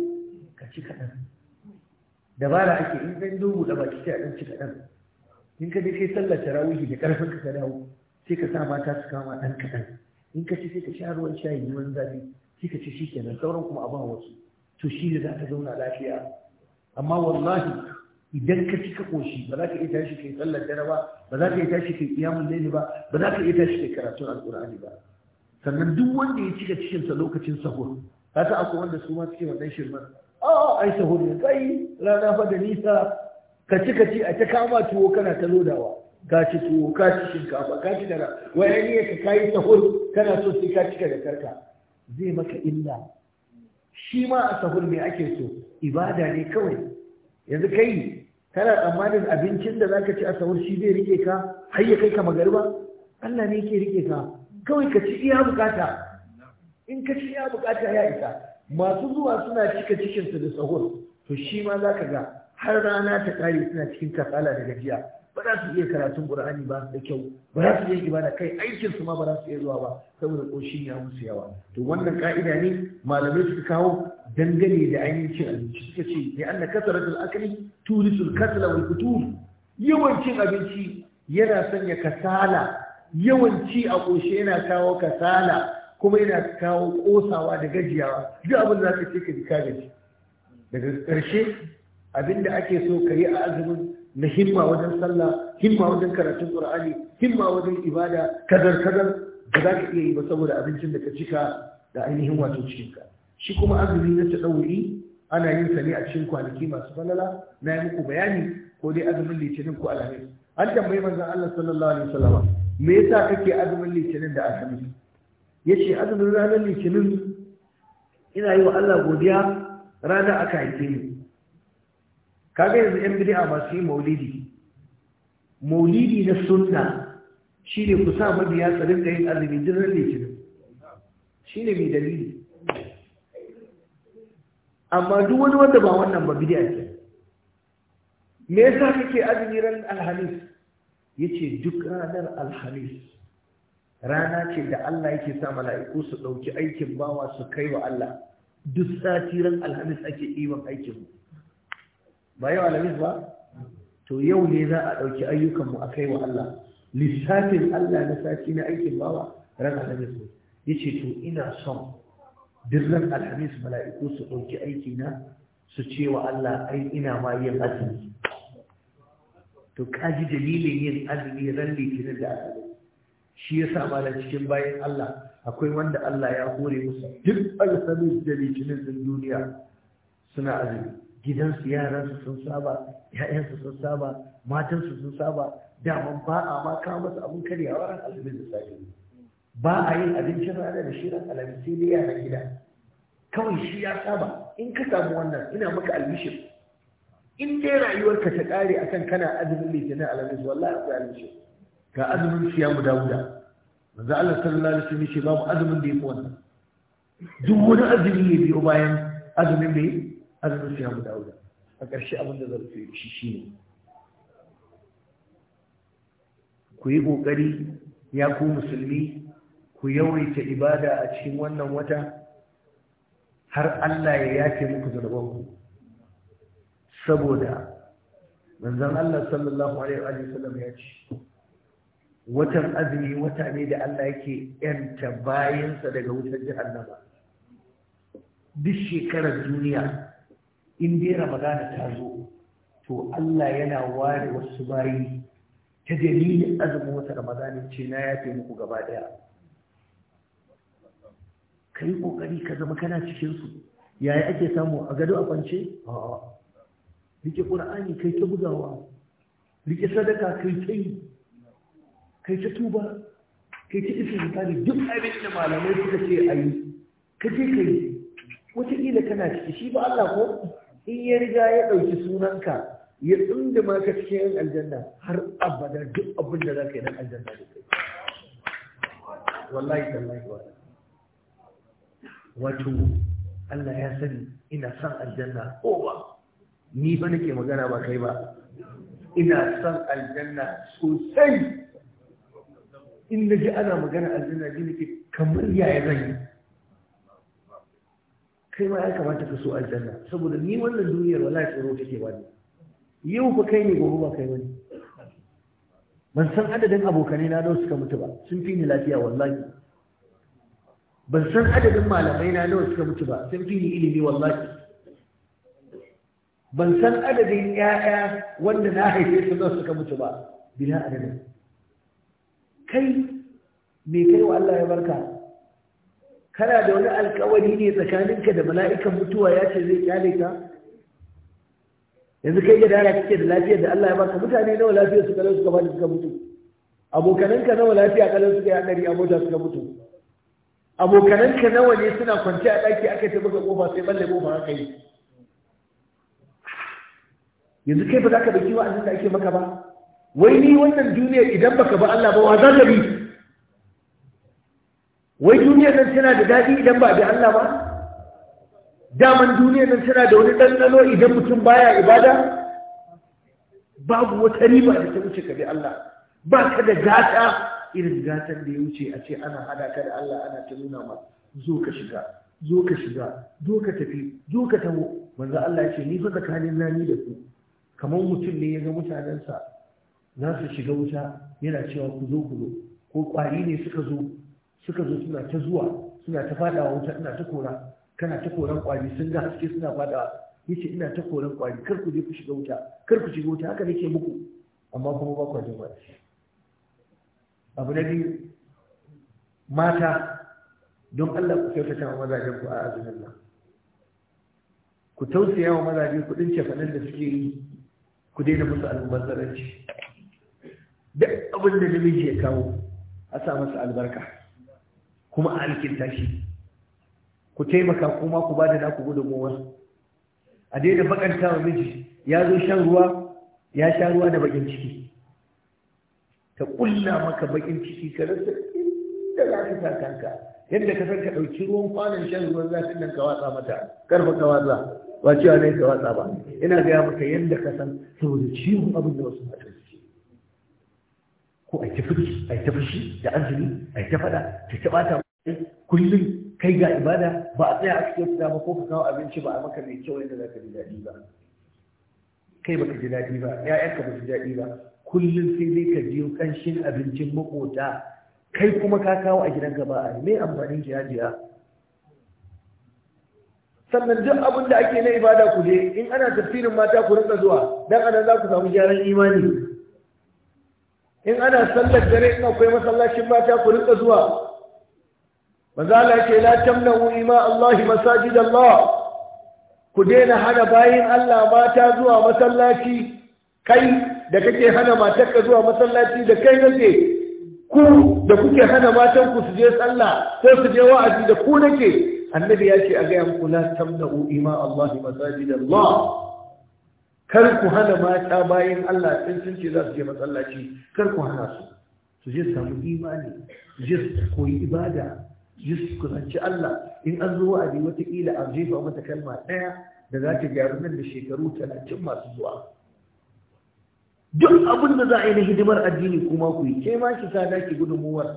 ka ci kaɗan dabara ake in ɗan dubu da baki sai a ɗan ci kaɗan in ka je kai sallar tarawihi da karfin ka dawo sai ka sa mata su kama dan kadan in ka ce sai ka sha ruwan shayi ne wani zafi sai ka ce shikenan sauran kuma a ba wasu to shi ne za ka zauna lafiya amma wallahi idan ka ci ka koshi ba za ka iya tashi kai sallar dare ba ba za ka iya tashi kai kiyamun laili ba ba za ka iya tashi kai karatun alqur'ani ba sannan duk wanda ya cika cikinsa lokacin sahur ka ta akwai wanda su ma suke wannan shirman a ai sahur ne kai rana fa da nisa ka ci ka ci a ta kama tuwo kana ta lodawa ka ci tuwo ka ci shinkafa ka ci dara wayan ne ka ta hul kana so sai ka cika da karka zai maka illa shi ma a sahur me ake so ibada ne kawai yanzu kai kana tsammanin abincin da zaka ci a sahur shi zai rike ka har ya kai ka magariba Allah ne yake rike ka kawai ka ci iya bukata in ka ci iya bukata ya isa masu zuwa suna cika cikinsu da sahur to shi ma zaka ga har rana ta kare suna cikin kasala da gajiya ba za su iya karatun qur'ani ba da kyau ba za su iya ibada kai aikin su ma ba za su iya zuwa ba saboda koshin ya musu yawa to wannan ka'ida ne malamai suka kawo dangane da ainihin cin abinci suka ce ya anna kasaratul akli turisul kasala wal futur yawan cin abinci yana sanya kasala yawanci a ƙoshe yana kawo kasala kuma yana kawo ƙosawa da gajiyawa duk abin da ka ce ka ji ka gaji daga ƙarshe abinda ake so ka yi a azumin na himma wajen sallah himma wajen karatun qur'ani himma wajen ibada kadar kadar da za ka iya yi ba saboda abincin da ka cika da ainihin wato cikinka shi kuma azumi na tadawuri ana yin sa ne a cikin kwanaki masu falala na yi muku bayani ko dai azumin litinin ko alhamis an tambayi manzon Allah sallallahu alaihi wasallam me yasa kake azumin litinin da alhamis yace azumin ranar litinin ina yi wa Allah godiya rana aka haife ni kaga yanzu yan bid'a masu yi maulidi maulidi na sunna shi ne ku sa mabiya tsarin da yin azumi duk ran litinin shi ne mai dalili amma duk wani wanda ba wannan ba bid'a ce me yasa kake azumi ran alhamis yace duk ranar alhamis rana ce da Allah yake sa mala'iku su dauki aikin bawa su kai wa Allah duk sati ran alhamis ake iwan aikin mu ba yau alamis ba to yau ne za a ɗauki ayyukanmu a kai wa Allah lissafin Allah na sati na aikin bawa ran alhamis ne ya ce to ina son duk alhamis mala'iku su ɗauki aiki na su ce wa Allah ai ina ma yin azumi to kaji dalilin yin azumi ran litinin da aka shi ya sa malam cikin bayan Allah akwai wanda Allah ya hore musu duk alhamis da litinin duniya suna azumi gidansu yaransu sun saba ‘ya'yansu sun saba matansu sun saba daman ba a ma kawo masa abin karyawa ran alhamis da safe ba a yin abincin rana da shirin alhamis sai dai yaran gida kawai shi ya saba in ka samu wannan ina maka albishir in dai rayuwarka ta kare akan kana azumin litinin alhamis, wallahi akwai albishir ga azumin siyamu dawuda manzo Allah sallallahu alaihi wasallam shi babu azumin da yake wannan duk wani azumi ya biyo bayan azumin da an rufe mu aure a ƙarshe abin da zan fi shi shine ku yi ƙoƙari ya ku musulmi ku yawaita ibada a cikin wannan wata har Allah ya yake muku zunubanku saboda manzon Allah sallallahu alaihi wa sallam ya ce watan azumi wata ne da Allah yake yanta bayansa daga wutar jahannama duk shekarar duniya in dai ramadana ta zo to Allah yana ware wasu bayi ta dalilin azumin wata ramadana ce na fi muku gaba daya ka yi kokari ka zama kana cikin su yaya ake samu a gado a kwance a'a rike qur'ani kai ta bugawa rike sadaka kai ta yi kai ta tuba kai ta isa zikari duk abin da malamai suka ce a yi ka je ka yi kana ciki shi ba Allah ko in ya riga ya ɗauki sunanka ya tsunduma ka cikin yan aljanna har abada duk abin da za ka yi na aljanna da kai wallahi tallahi wa wato Allah ya sani ina son aljanna ko ba ni ba nake magana ba kai ba ina son aljanna sosai in na ji ana magana aljanna ji nake kamar yaya zan yi kai ma ya kamata ka so aljanna saboda ni wannan duniyar wallahi tsoro take ba ni yau fa kai ne gobe ba kai wani ban san adadin abokanai na nawa suka mutu ba sun fi ni lafiya wallahi ban san adadin malamai na nawa suka mutu ba sun fi ni ilimi wallahi ban san adadin ƴaƴa wanda na haife su da suka mutu ba bila adadin kai me kai wa Allah ya barka kana da wani alkawari ne tsakaninka da mala'ikan mutuwa ya ce zai kyale ka yanzu kai dara kike da lafiyar da Allah ya baka mutane nawa lafiyar su kalan suka bani suka mutu abokananka nawa lafiya kalan suka ya dari mota suka mutu abokananka nawa ne suna kwance a daki aka ta buga kofa sai balle kofa aka yi yanzu kai ba za ka baki wa'azin da ake maka ba wai ni wannan duniya idan baka ba Allah ba wa za ka bi wai duniyar nan tana da daɗi idan ba bi Allah ba daman duniyar nan tana da wani ɗanɗano idan mutum baya ibada babu wata riba da ta wuce ka bi Allah ba ka da gata irin gatan da ya wuce a ce ana hada ka da Allah ana ta nuna ma zo ka shiga zo ka shiga zo ka tafi zo ka taho manzo Allah ya ce ni fa tsakanin na ni da ku kamar mutum ne ya ga mutanensa za su shiga wuta yana cewa ku zo ku zo ko kwari ne suka zo suka zo suna ta zuwa suna ta fadawa wuta ina ta kora kana ta koran kwari sun ga haske suna fadawa yace ina ta koran kwari kar ku je ku shiga wuta kar ku shiga wuta haka nake muku amma kuma ba ku jin abu na biyu mata don Allah ku kyautata wa mazajen ku a azumin nan ku tausaya wa mazaje kudin cefanen da suke yi ku daina musu almubazzaranci duk abin da namiji ya kawo a sa masa albarka kuma a alkinta shi ku taimaka kuma ku bada naku gudunmuwar a daina bakanta wa miji ya zo shan ruwa ya sha ruwa da bakin ciki ta kulla maka bakin ciki ka rasa inda za ka sa kanka yadda ka san ka ɗauki ruwan kwanan shan ruwan zafin nan ka watsa mata karfa ka watsa ba cewa ne ka watsa ba ina gaya maka yadda ka san saboda ciwon abin da wasu matan suke ko a yi ta fushi da azumi a yi ta fada ta ta kullum kai ga ibada ba a tsaya a cikin da ba ko ka kawo abinci ba a maka mai kyau yadda za ka ji daɗi ba kai baka ji daɗi ba ƴaƴanka ba su daɗi ba kullum sai dai ka biyo ƙanshin abincin maƙota. kai kuma ka kawo a gidanka ba a me amfanin jiya-jiya sannan duk abin da ake na ibada ku je in ana tafsirin mata ku rinka zuwa dan anan za ku samu gyaran imani in ana sallar dare in akwai masallacin mata ku rinka zuwa manzala ce la tamnahu ima Allah masajid Allah ku daina hana bayin Allah mata zuwa masallaci kai da kake hana matarka zuwa masallaci da kai nake ku da kuke hana matan ku su je sallah ko su je wa'azi da ku nake annabi ya ce a ga yanku la tamnahu ima Allah masajid Allah kar ku hana mata bayin Allah sun sun ce za su je masallaci kar ku hana su su je samu imani su je su koyi ibada kusanci Allah in an zo wa'adi watakila a jefa mata kalma ɗaya da za ta gyaru nan da shekaru talatin masu zuwa duk abin da za a yi na hidimar addini kuma ku yi ke ma ki sa ki gudunmuwar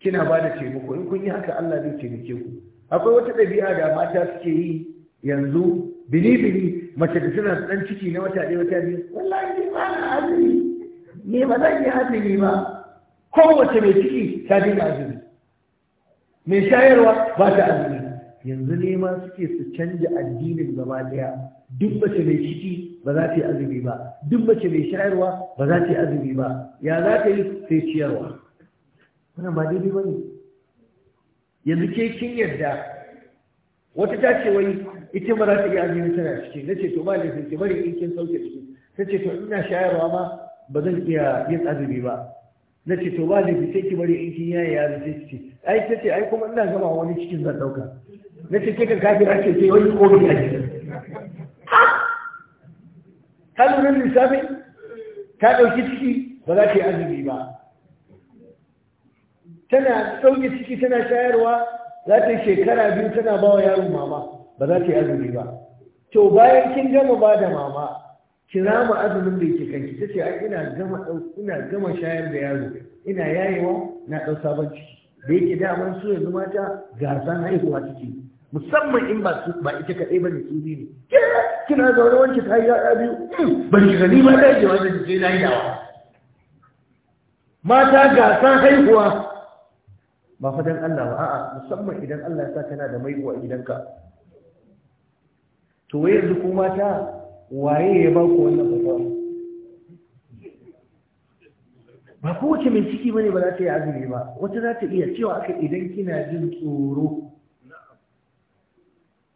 kina ba da taimako in kun yi haka Allah zai taimake ku akwai wata ɗabi'a da mata suke yi yanzu bini-bini mace da suna ɗan ciki na wata ɗaya wata biyu wallahi ne ba na azumi ne ba zan yi azumi ba kowace mai ciki ta dinga azumi mai shayarwa ba ta azumi yanzu nema suke su canja addinin gaba daya duk mace mai ciki ba za ta yi azumi ba duk mace mai shayarwa ba za ta yi azumi ba ya za ta yi sai ciyarwa wannan ba daidai bane yanzu ke kin yarda wata ta ce wai ita ba za ta yi azumi tana ciki na ce to ba laifin sai bari in kin sauke ciki ta ce to ina shayarwa ma ba zan iya yin azumi ba na ce to ba da fi sai ki bari in kin yaye ya sai ki ai ta ce ai kuma ina gama wani cikin zan dauka na ce kika ake ce sai wani kofi a cikin ka lura lissafi ta dauki ciki ba za ta yi azumi ba tana dauki ciki tana shayarwa za ta yi shekara biyu tana ba wa yaron mama ba za ta yi azumi ba to bayan kin gama ba da mama kira ma azumin da yake kanki tace ai ina gama ina gama shayar da yaro ina yayewa na dau sabon ciki da yake daman su yanzu mata gasan haihuwa ciki musamman in ba su ba ita kadai bane su ne kina zaune wanki ta yi yada biyu hmm, ban ki gani ma dai jawa da je na yawa mata gasan haihuwa ba fa dan Allah ba a'a musamman idan Allah ya sa kana da maiwa gidanka to wai yanzu ko mata waye ya ba ku wannan fatawa ba kowace mai ciki bane ba za ta yi azumi ba wata za ta iya cewa aka idan kina jin tsoro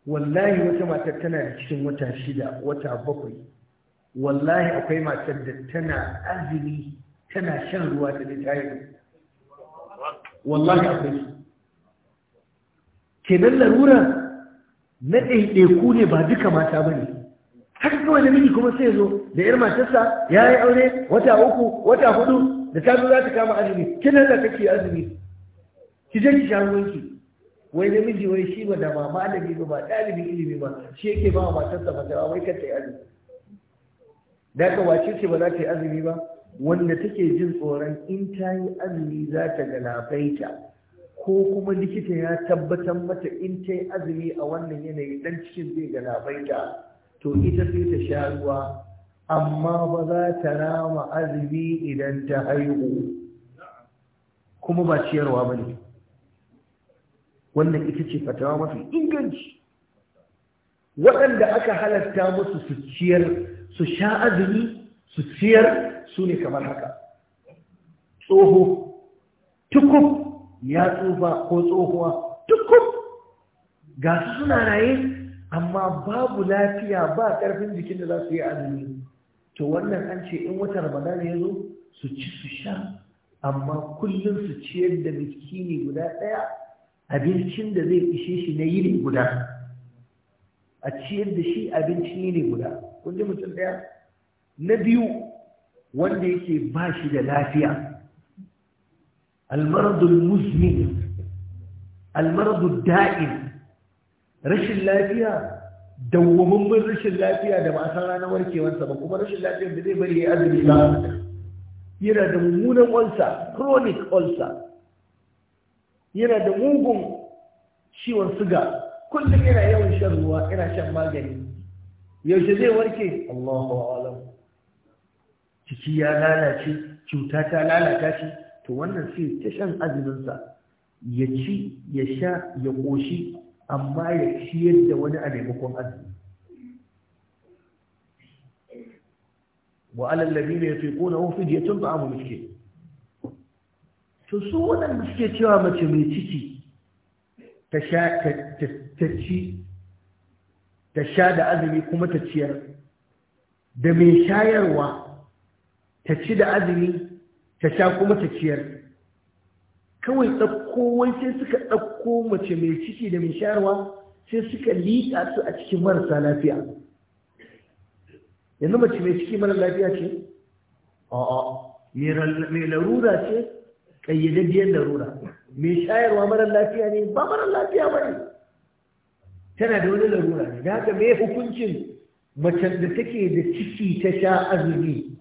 wallahi wata matar tana da cikin wata shida wata bakwai wallahi akwai matar da tana azumi tana shan ruwa ta da wallahi akwai su kenan larura na ɗaiɗaiku ne ba duka mata ba ne haka kawai namiji kuma sai zo da yar matarsa ya yi aure wata uku wata hudu da ta zo za ta kama azumi kina da kake azumi ki je ki sha ruwanki wai namiji wai shi ba da ba malami ba ba dalibi ilimi ba shi yake ba matarsa ta wai kai azumi da ka wace ce ba za ta yi azumi ba wanda take jin tsoron in ta yi azumi za ta lafaita ko kuma likita ya tabbatar mata in ta yi azumi a wannan yanayi dan cikin zai lafaita to ita sai ta sha ruwa amma ba za ta rama azumi idan ta haihu kuma ba ciyarwa ba ne wannan ita ce fatawa mafi inganci waɗanda aka halatta musu su ciyar su sha azumi su ciyar su ne kamar haka tsoho tukub ya tsufa ko tsohuwa tukub ga suna raye amma babu lafiya ba ƙarfin jikin da za su yi azumi to wannan an ce in wata ramadana ya zo su ci su sha amma kullum su ciyar da ne guda ɗaya abincin da zai ishe shi na ne guda a ciyar da shi abincin ne guda kun ji mutum ɗaya na biyu wanda yake ba shi da lafiya almaradul muslim almaradul da'in. rashin lafiya bin rashin lafiya da ba a san ranar warkewarsa ba kuma rashin lafiya da zai bari ya azumi ba yana da mummunan ulcer chronic ulcer yana da mugun ciwon suga kullum yana yawan shan ruwa yana shan magani yaushe zai warke Allahu a'lam ciki ya lalace cuta ta lalata shi to wannan sai ta shan azumin ya ci ya sha ya koshi amma ya ciyar da wani a maimakon azumi wa alal ladina yutiquna fidyatun ta'amu miskin to su waɗanda suke cewa mace mai ciki ta sha ta ci ta sha da azumi kuma ta ciyar da mai shayarwa ta ci da azumi ta sha kuma ta ciyar kawai ɗauko sai suka ɗauko mace mai ciki da mai shayarwa sai suka liƙa su a cikin marasa lafiya yanzu mace mai ciki mara lafiya ce a'a mai larura ce ƙayyadaddiyar larura mai shayarwa mara lafiya ne ba mara lafiya ba ne tana da wani larura ne da haka mai hukuncin mace da take da ciki ta sha azumi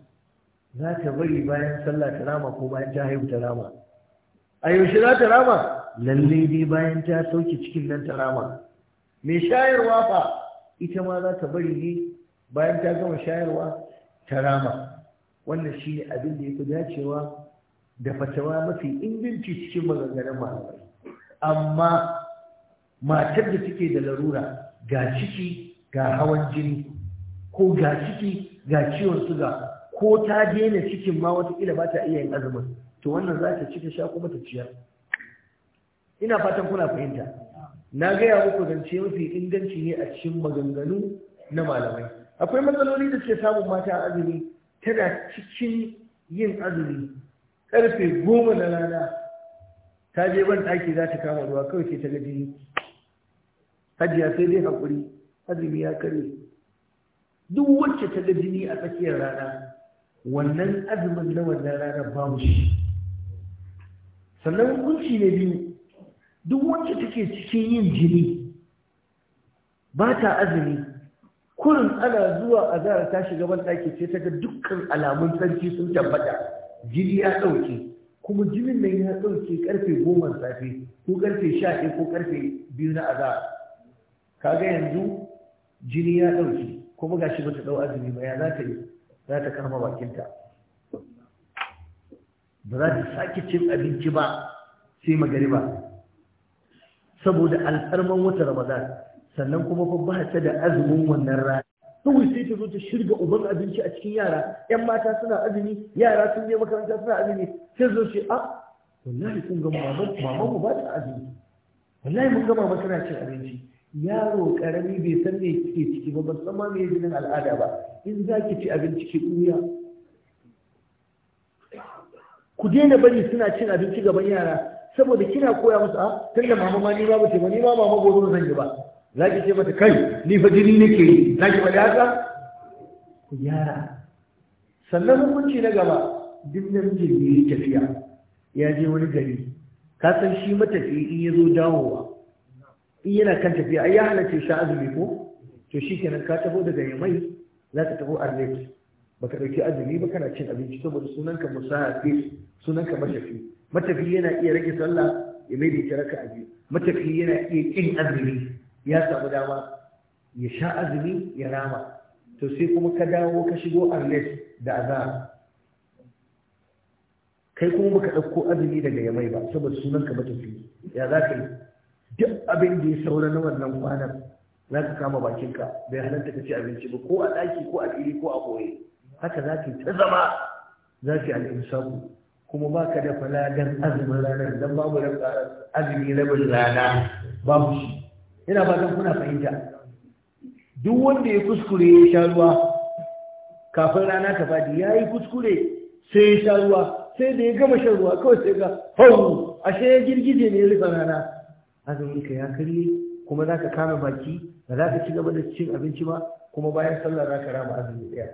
za ta bari bayan sallah ta rama ko bayan ta haihu ta rama a yaushe za ta rama lalle dai bayan ta sauke cikin nan ta rama mai shayarwa fa ita ma za ta bari ne bayan ta gama shayarwa ta rama wannan shi ne abin da ya fi dacewa da fatawa mafi inganci cikin maganganun malamai amma matar da take da larura ga ciki ga hawan jini ko ga ciki ga ciwon suga ko ta daina cikin ma wata ba ta iya yin azumin to wannan za ta ci ta sha kuma ta ciyar ina fatan kuna fahimta na gaya muku zance mafi inganci ne a cikin maganganu na malamai akwai matsaloli da suke samun mata a azumi tana cikin yin azumi karfe goma na rana ta je ban ɗaki za ta kama ruwa kawai sai ta ga jini hajiya sai dai haƙuri azumi ya karye duk wacce ta ga jini a tsakiyar rana wannan azumin na wannan rana mu shi sannan hukunci na biyu duk wacce take cikin yin jini ba ta azumi kurin ana zuwa a zara ta shiga ban ɗaki sai ta ga dukkan alamun sarki sun tabbata jini ya ɗauke kuma jinin nan ya ɗauke karfe goma safe ko karfe sha ɗaya ko karfe biyu na Ka kaga yanzu jini ya ɗauke kuma shi ba ta ɗau azumi ba ya za ta yi za ta kama bakinta ba za ta sake cin abinci ba sai magariba saboda alfarman wata ramadan sannan kuma fa ba ta da azumin wannan rana kawai sai ta zo ta shirga uban abinci a cikin yara yan mata suna azumi yara sun je makaranta suna azumi sai zo shi a ah, wallahi kun ga maman maman mu ba ta azumi wallahi mun ga maman tana cin abinci yaro karami bai san me yake ciki ba ban san ma me yake al'ada ba in zaki ci abinci ki kuya ku daina bari suna cin abinci gaban yara saboda kina koya musu a ah, da mama ma ni ba ba ce ba ni ma mama gobe zan yi ba za ki ce mata kai ni fa jini nake yi za ki faɗi haka ku gyara sannan hukunci na gaba duk namiji ne ya tafiya ya je wani gari ka san shi matafi in ya zo dawowa in yana kan tafiya ai ya halarci sha azumi ko to shi kenan ka taho daga yamai za ka taho arlet baka dauki azumi ba kana cin abinci saboda sunanka sunan sunanka mashafi matafi yana iya rage sallah ya mai da raka a biyu matafi yana iya kin azumi ya samu dama ya sha azumi ya rama to sai kuma ka dawo ka shigo arles da aza kai kuma baka ɗauko azumi daga yamai ba saboda sunanka matafi ya za ka yi duk abin da ya saura na wannan kwanan za ka kama bakinka bai halatta ka ci abinci ba ko a ɗaki ko a fili ko a ɓoye haka za ki ta zama za ki al'insaku kuma ba ka dafa ladan azumin ranar don babu azumi rabin rana babu shi yana fatan kuna fahimta duk wanda ya kuskure ya sha ruwa kafin rana ta fadi ya yi kuskure sai ya sha ruwa sai da ya gama shan ruwa kawai sai ga hau ashe ya girgije ne ya rufe rana azumin ka ya karye kuma za ka kama baki ba za ka ci gaba da cin abinci ba kuma bayan sallah za ka rama azumi ɗaya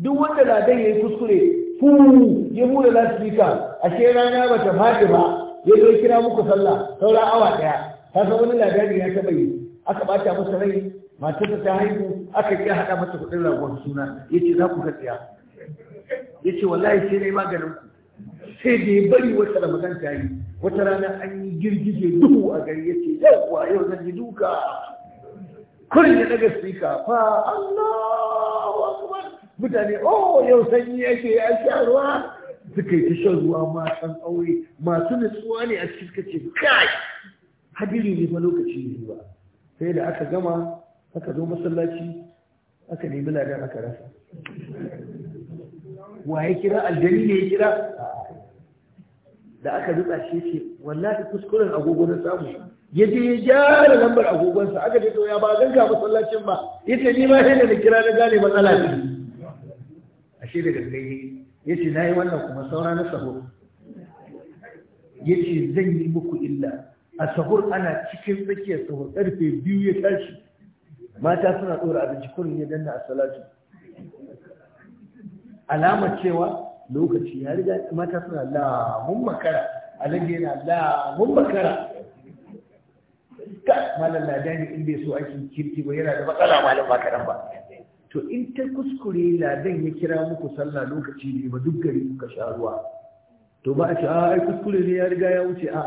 duk wanda ladan ya yi kuskure fu ya mura a ashe rana ba ta fadi ba ya zo kira muku sallah saura awa daya ta san wani ladani ya taɓa yi aka bata masa rai matarsa ta haihu aka ki haɗa mata kuɗin ragon suna ya ce za ku ga tsaya ya wallahi sai na maganin ku sai da ya bari wata ramadan ta yi wata rana an yi girgije duhu a gari ya ce yawwa yau zan yi duka kurin ya daga sika fa Allah mutane oh yau sanyi yake a sha ruwa suka yi ta shan ruwa matan aure masu nutsuwa ne a cikin suka ce kai hadiri ne fa lokaci ne zuwa. sai da aka gama aka zo masallaci aka nemi ladan aka rasa wa ya kira aljani ne ya kira da aka rutsa shi ce wallahi kuskuren agogo na samu ya je ya gyara lambar agogonsa aka ce to ya ba ganka masallacin ba yace ni ma sai da kira na gane matsala ne ashe da gaske ne ya ce na yi wannan kuma saura na sahur ya ce zan yi muku illa a sahur ana cikin tsakiyar sahur karfe biyu ya tashi mata suna ɗora abinci kurin ya danna a salatu alamar cewa lokaci ya riga mata suna lamun makara alaji yana lamun makara ka malalla ladani in bai so aikin kirki ba yana da matsala malam makaran ba to in ta kuskure ladan ya kira muku sallah lokaci ne ba duk gari kuka sha ruwa to ba a ce a ah, ai kuskure ne ya riga ya wuce a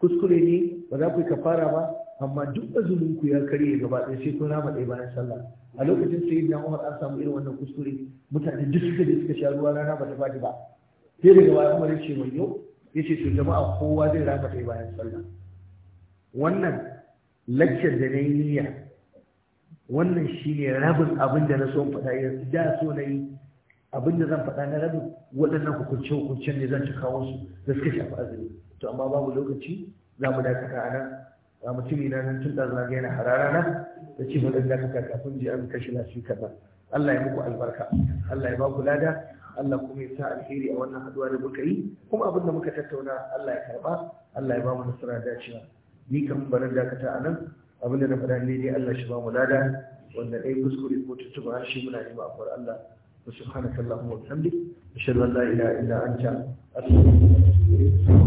kuskure ne ba za ku yi kafara ba amma duk azumin ku ya karye gaba ɗaya sai kun rama ɗaya bayan sallah a lokacin sai na Umar an samu irin wannan kuskure mutane duk suka je suka sha ruwa rana ba ta faɗi ba sai daga baya Umar ya ce mai yau ya ce to jama'a kowa zai rama ɗaya bayan sallah wannan laccar da na yi niyya wannan shine rabin abin da na so faɗa yanzu da so na yi abin da zan faɗa na rabin waɗannan hukunce hukuncen ne zan ci kawo su da suka shafi azumi to amma babu lokaci za mu dakata a nan a mutumi na nan tun da zan yana harara na da ci waɗanda dakata kafin ji an kashe na shi kaza Allah ya muku albarka Allah ya ba ku lada Allah kuma ya sa alheri a wannan haduwa da muka yi kuma abin da muka tattauna Allah ya karba Allah ya ba mu nasara dacewa ni kan barin dakata a nan abin da na faɗa ne dai Allah shi ba mu lada wanda dai kuskure ko tutuba har shi muna nema akwai Allah subhanakallahumma wa bihamdik ashhadu an la ilaha illa anta astaghfiruka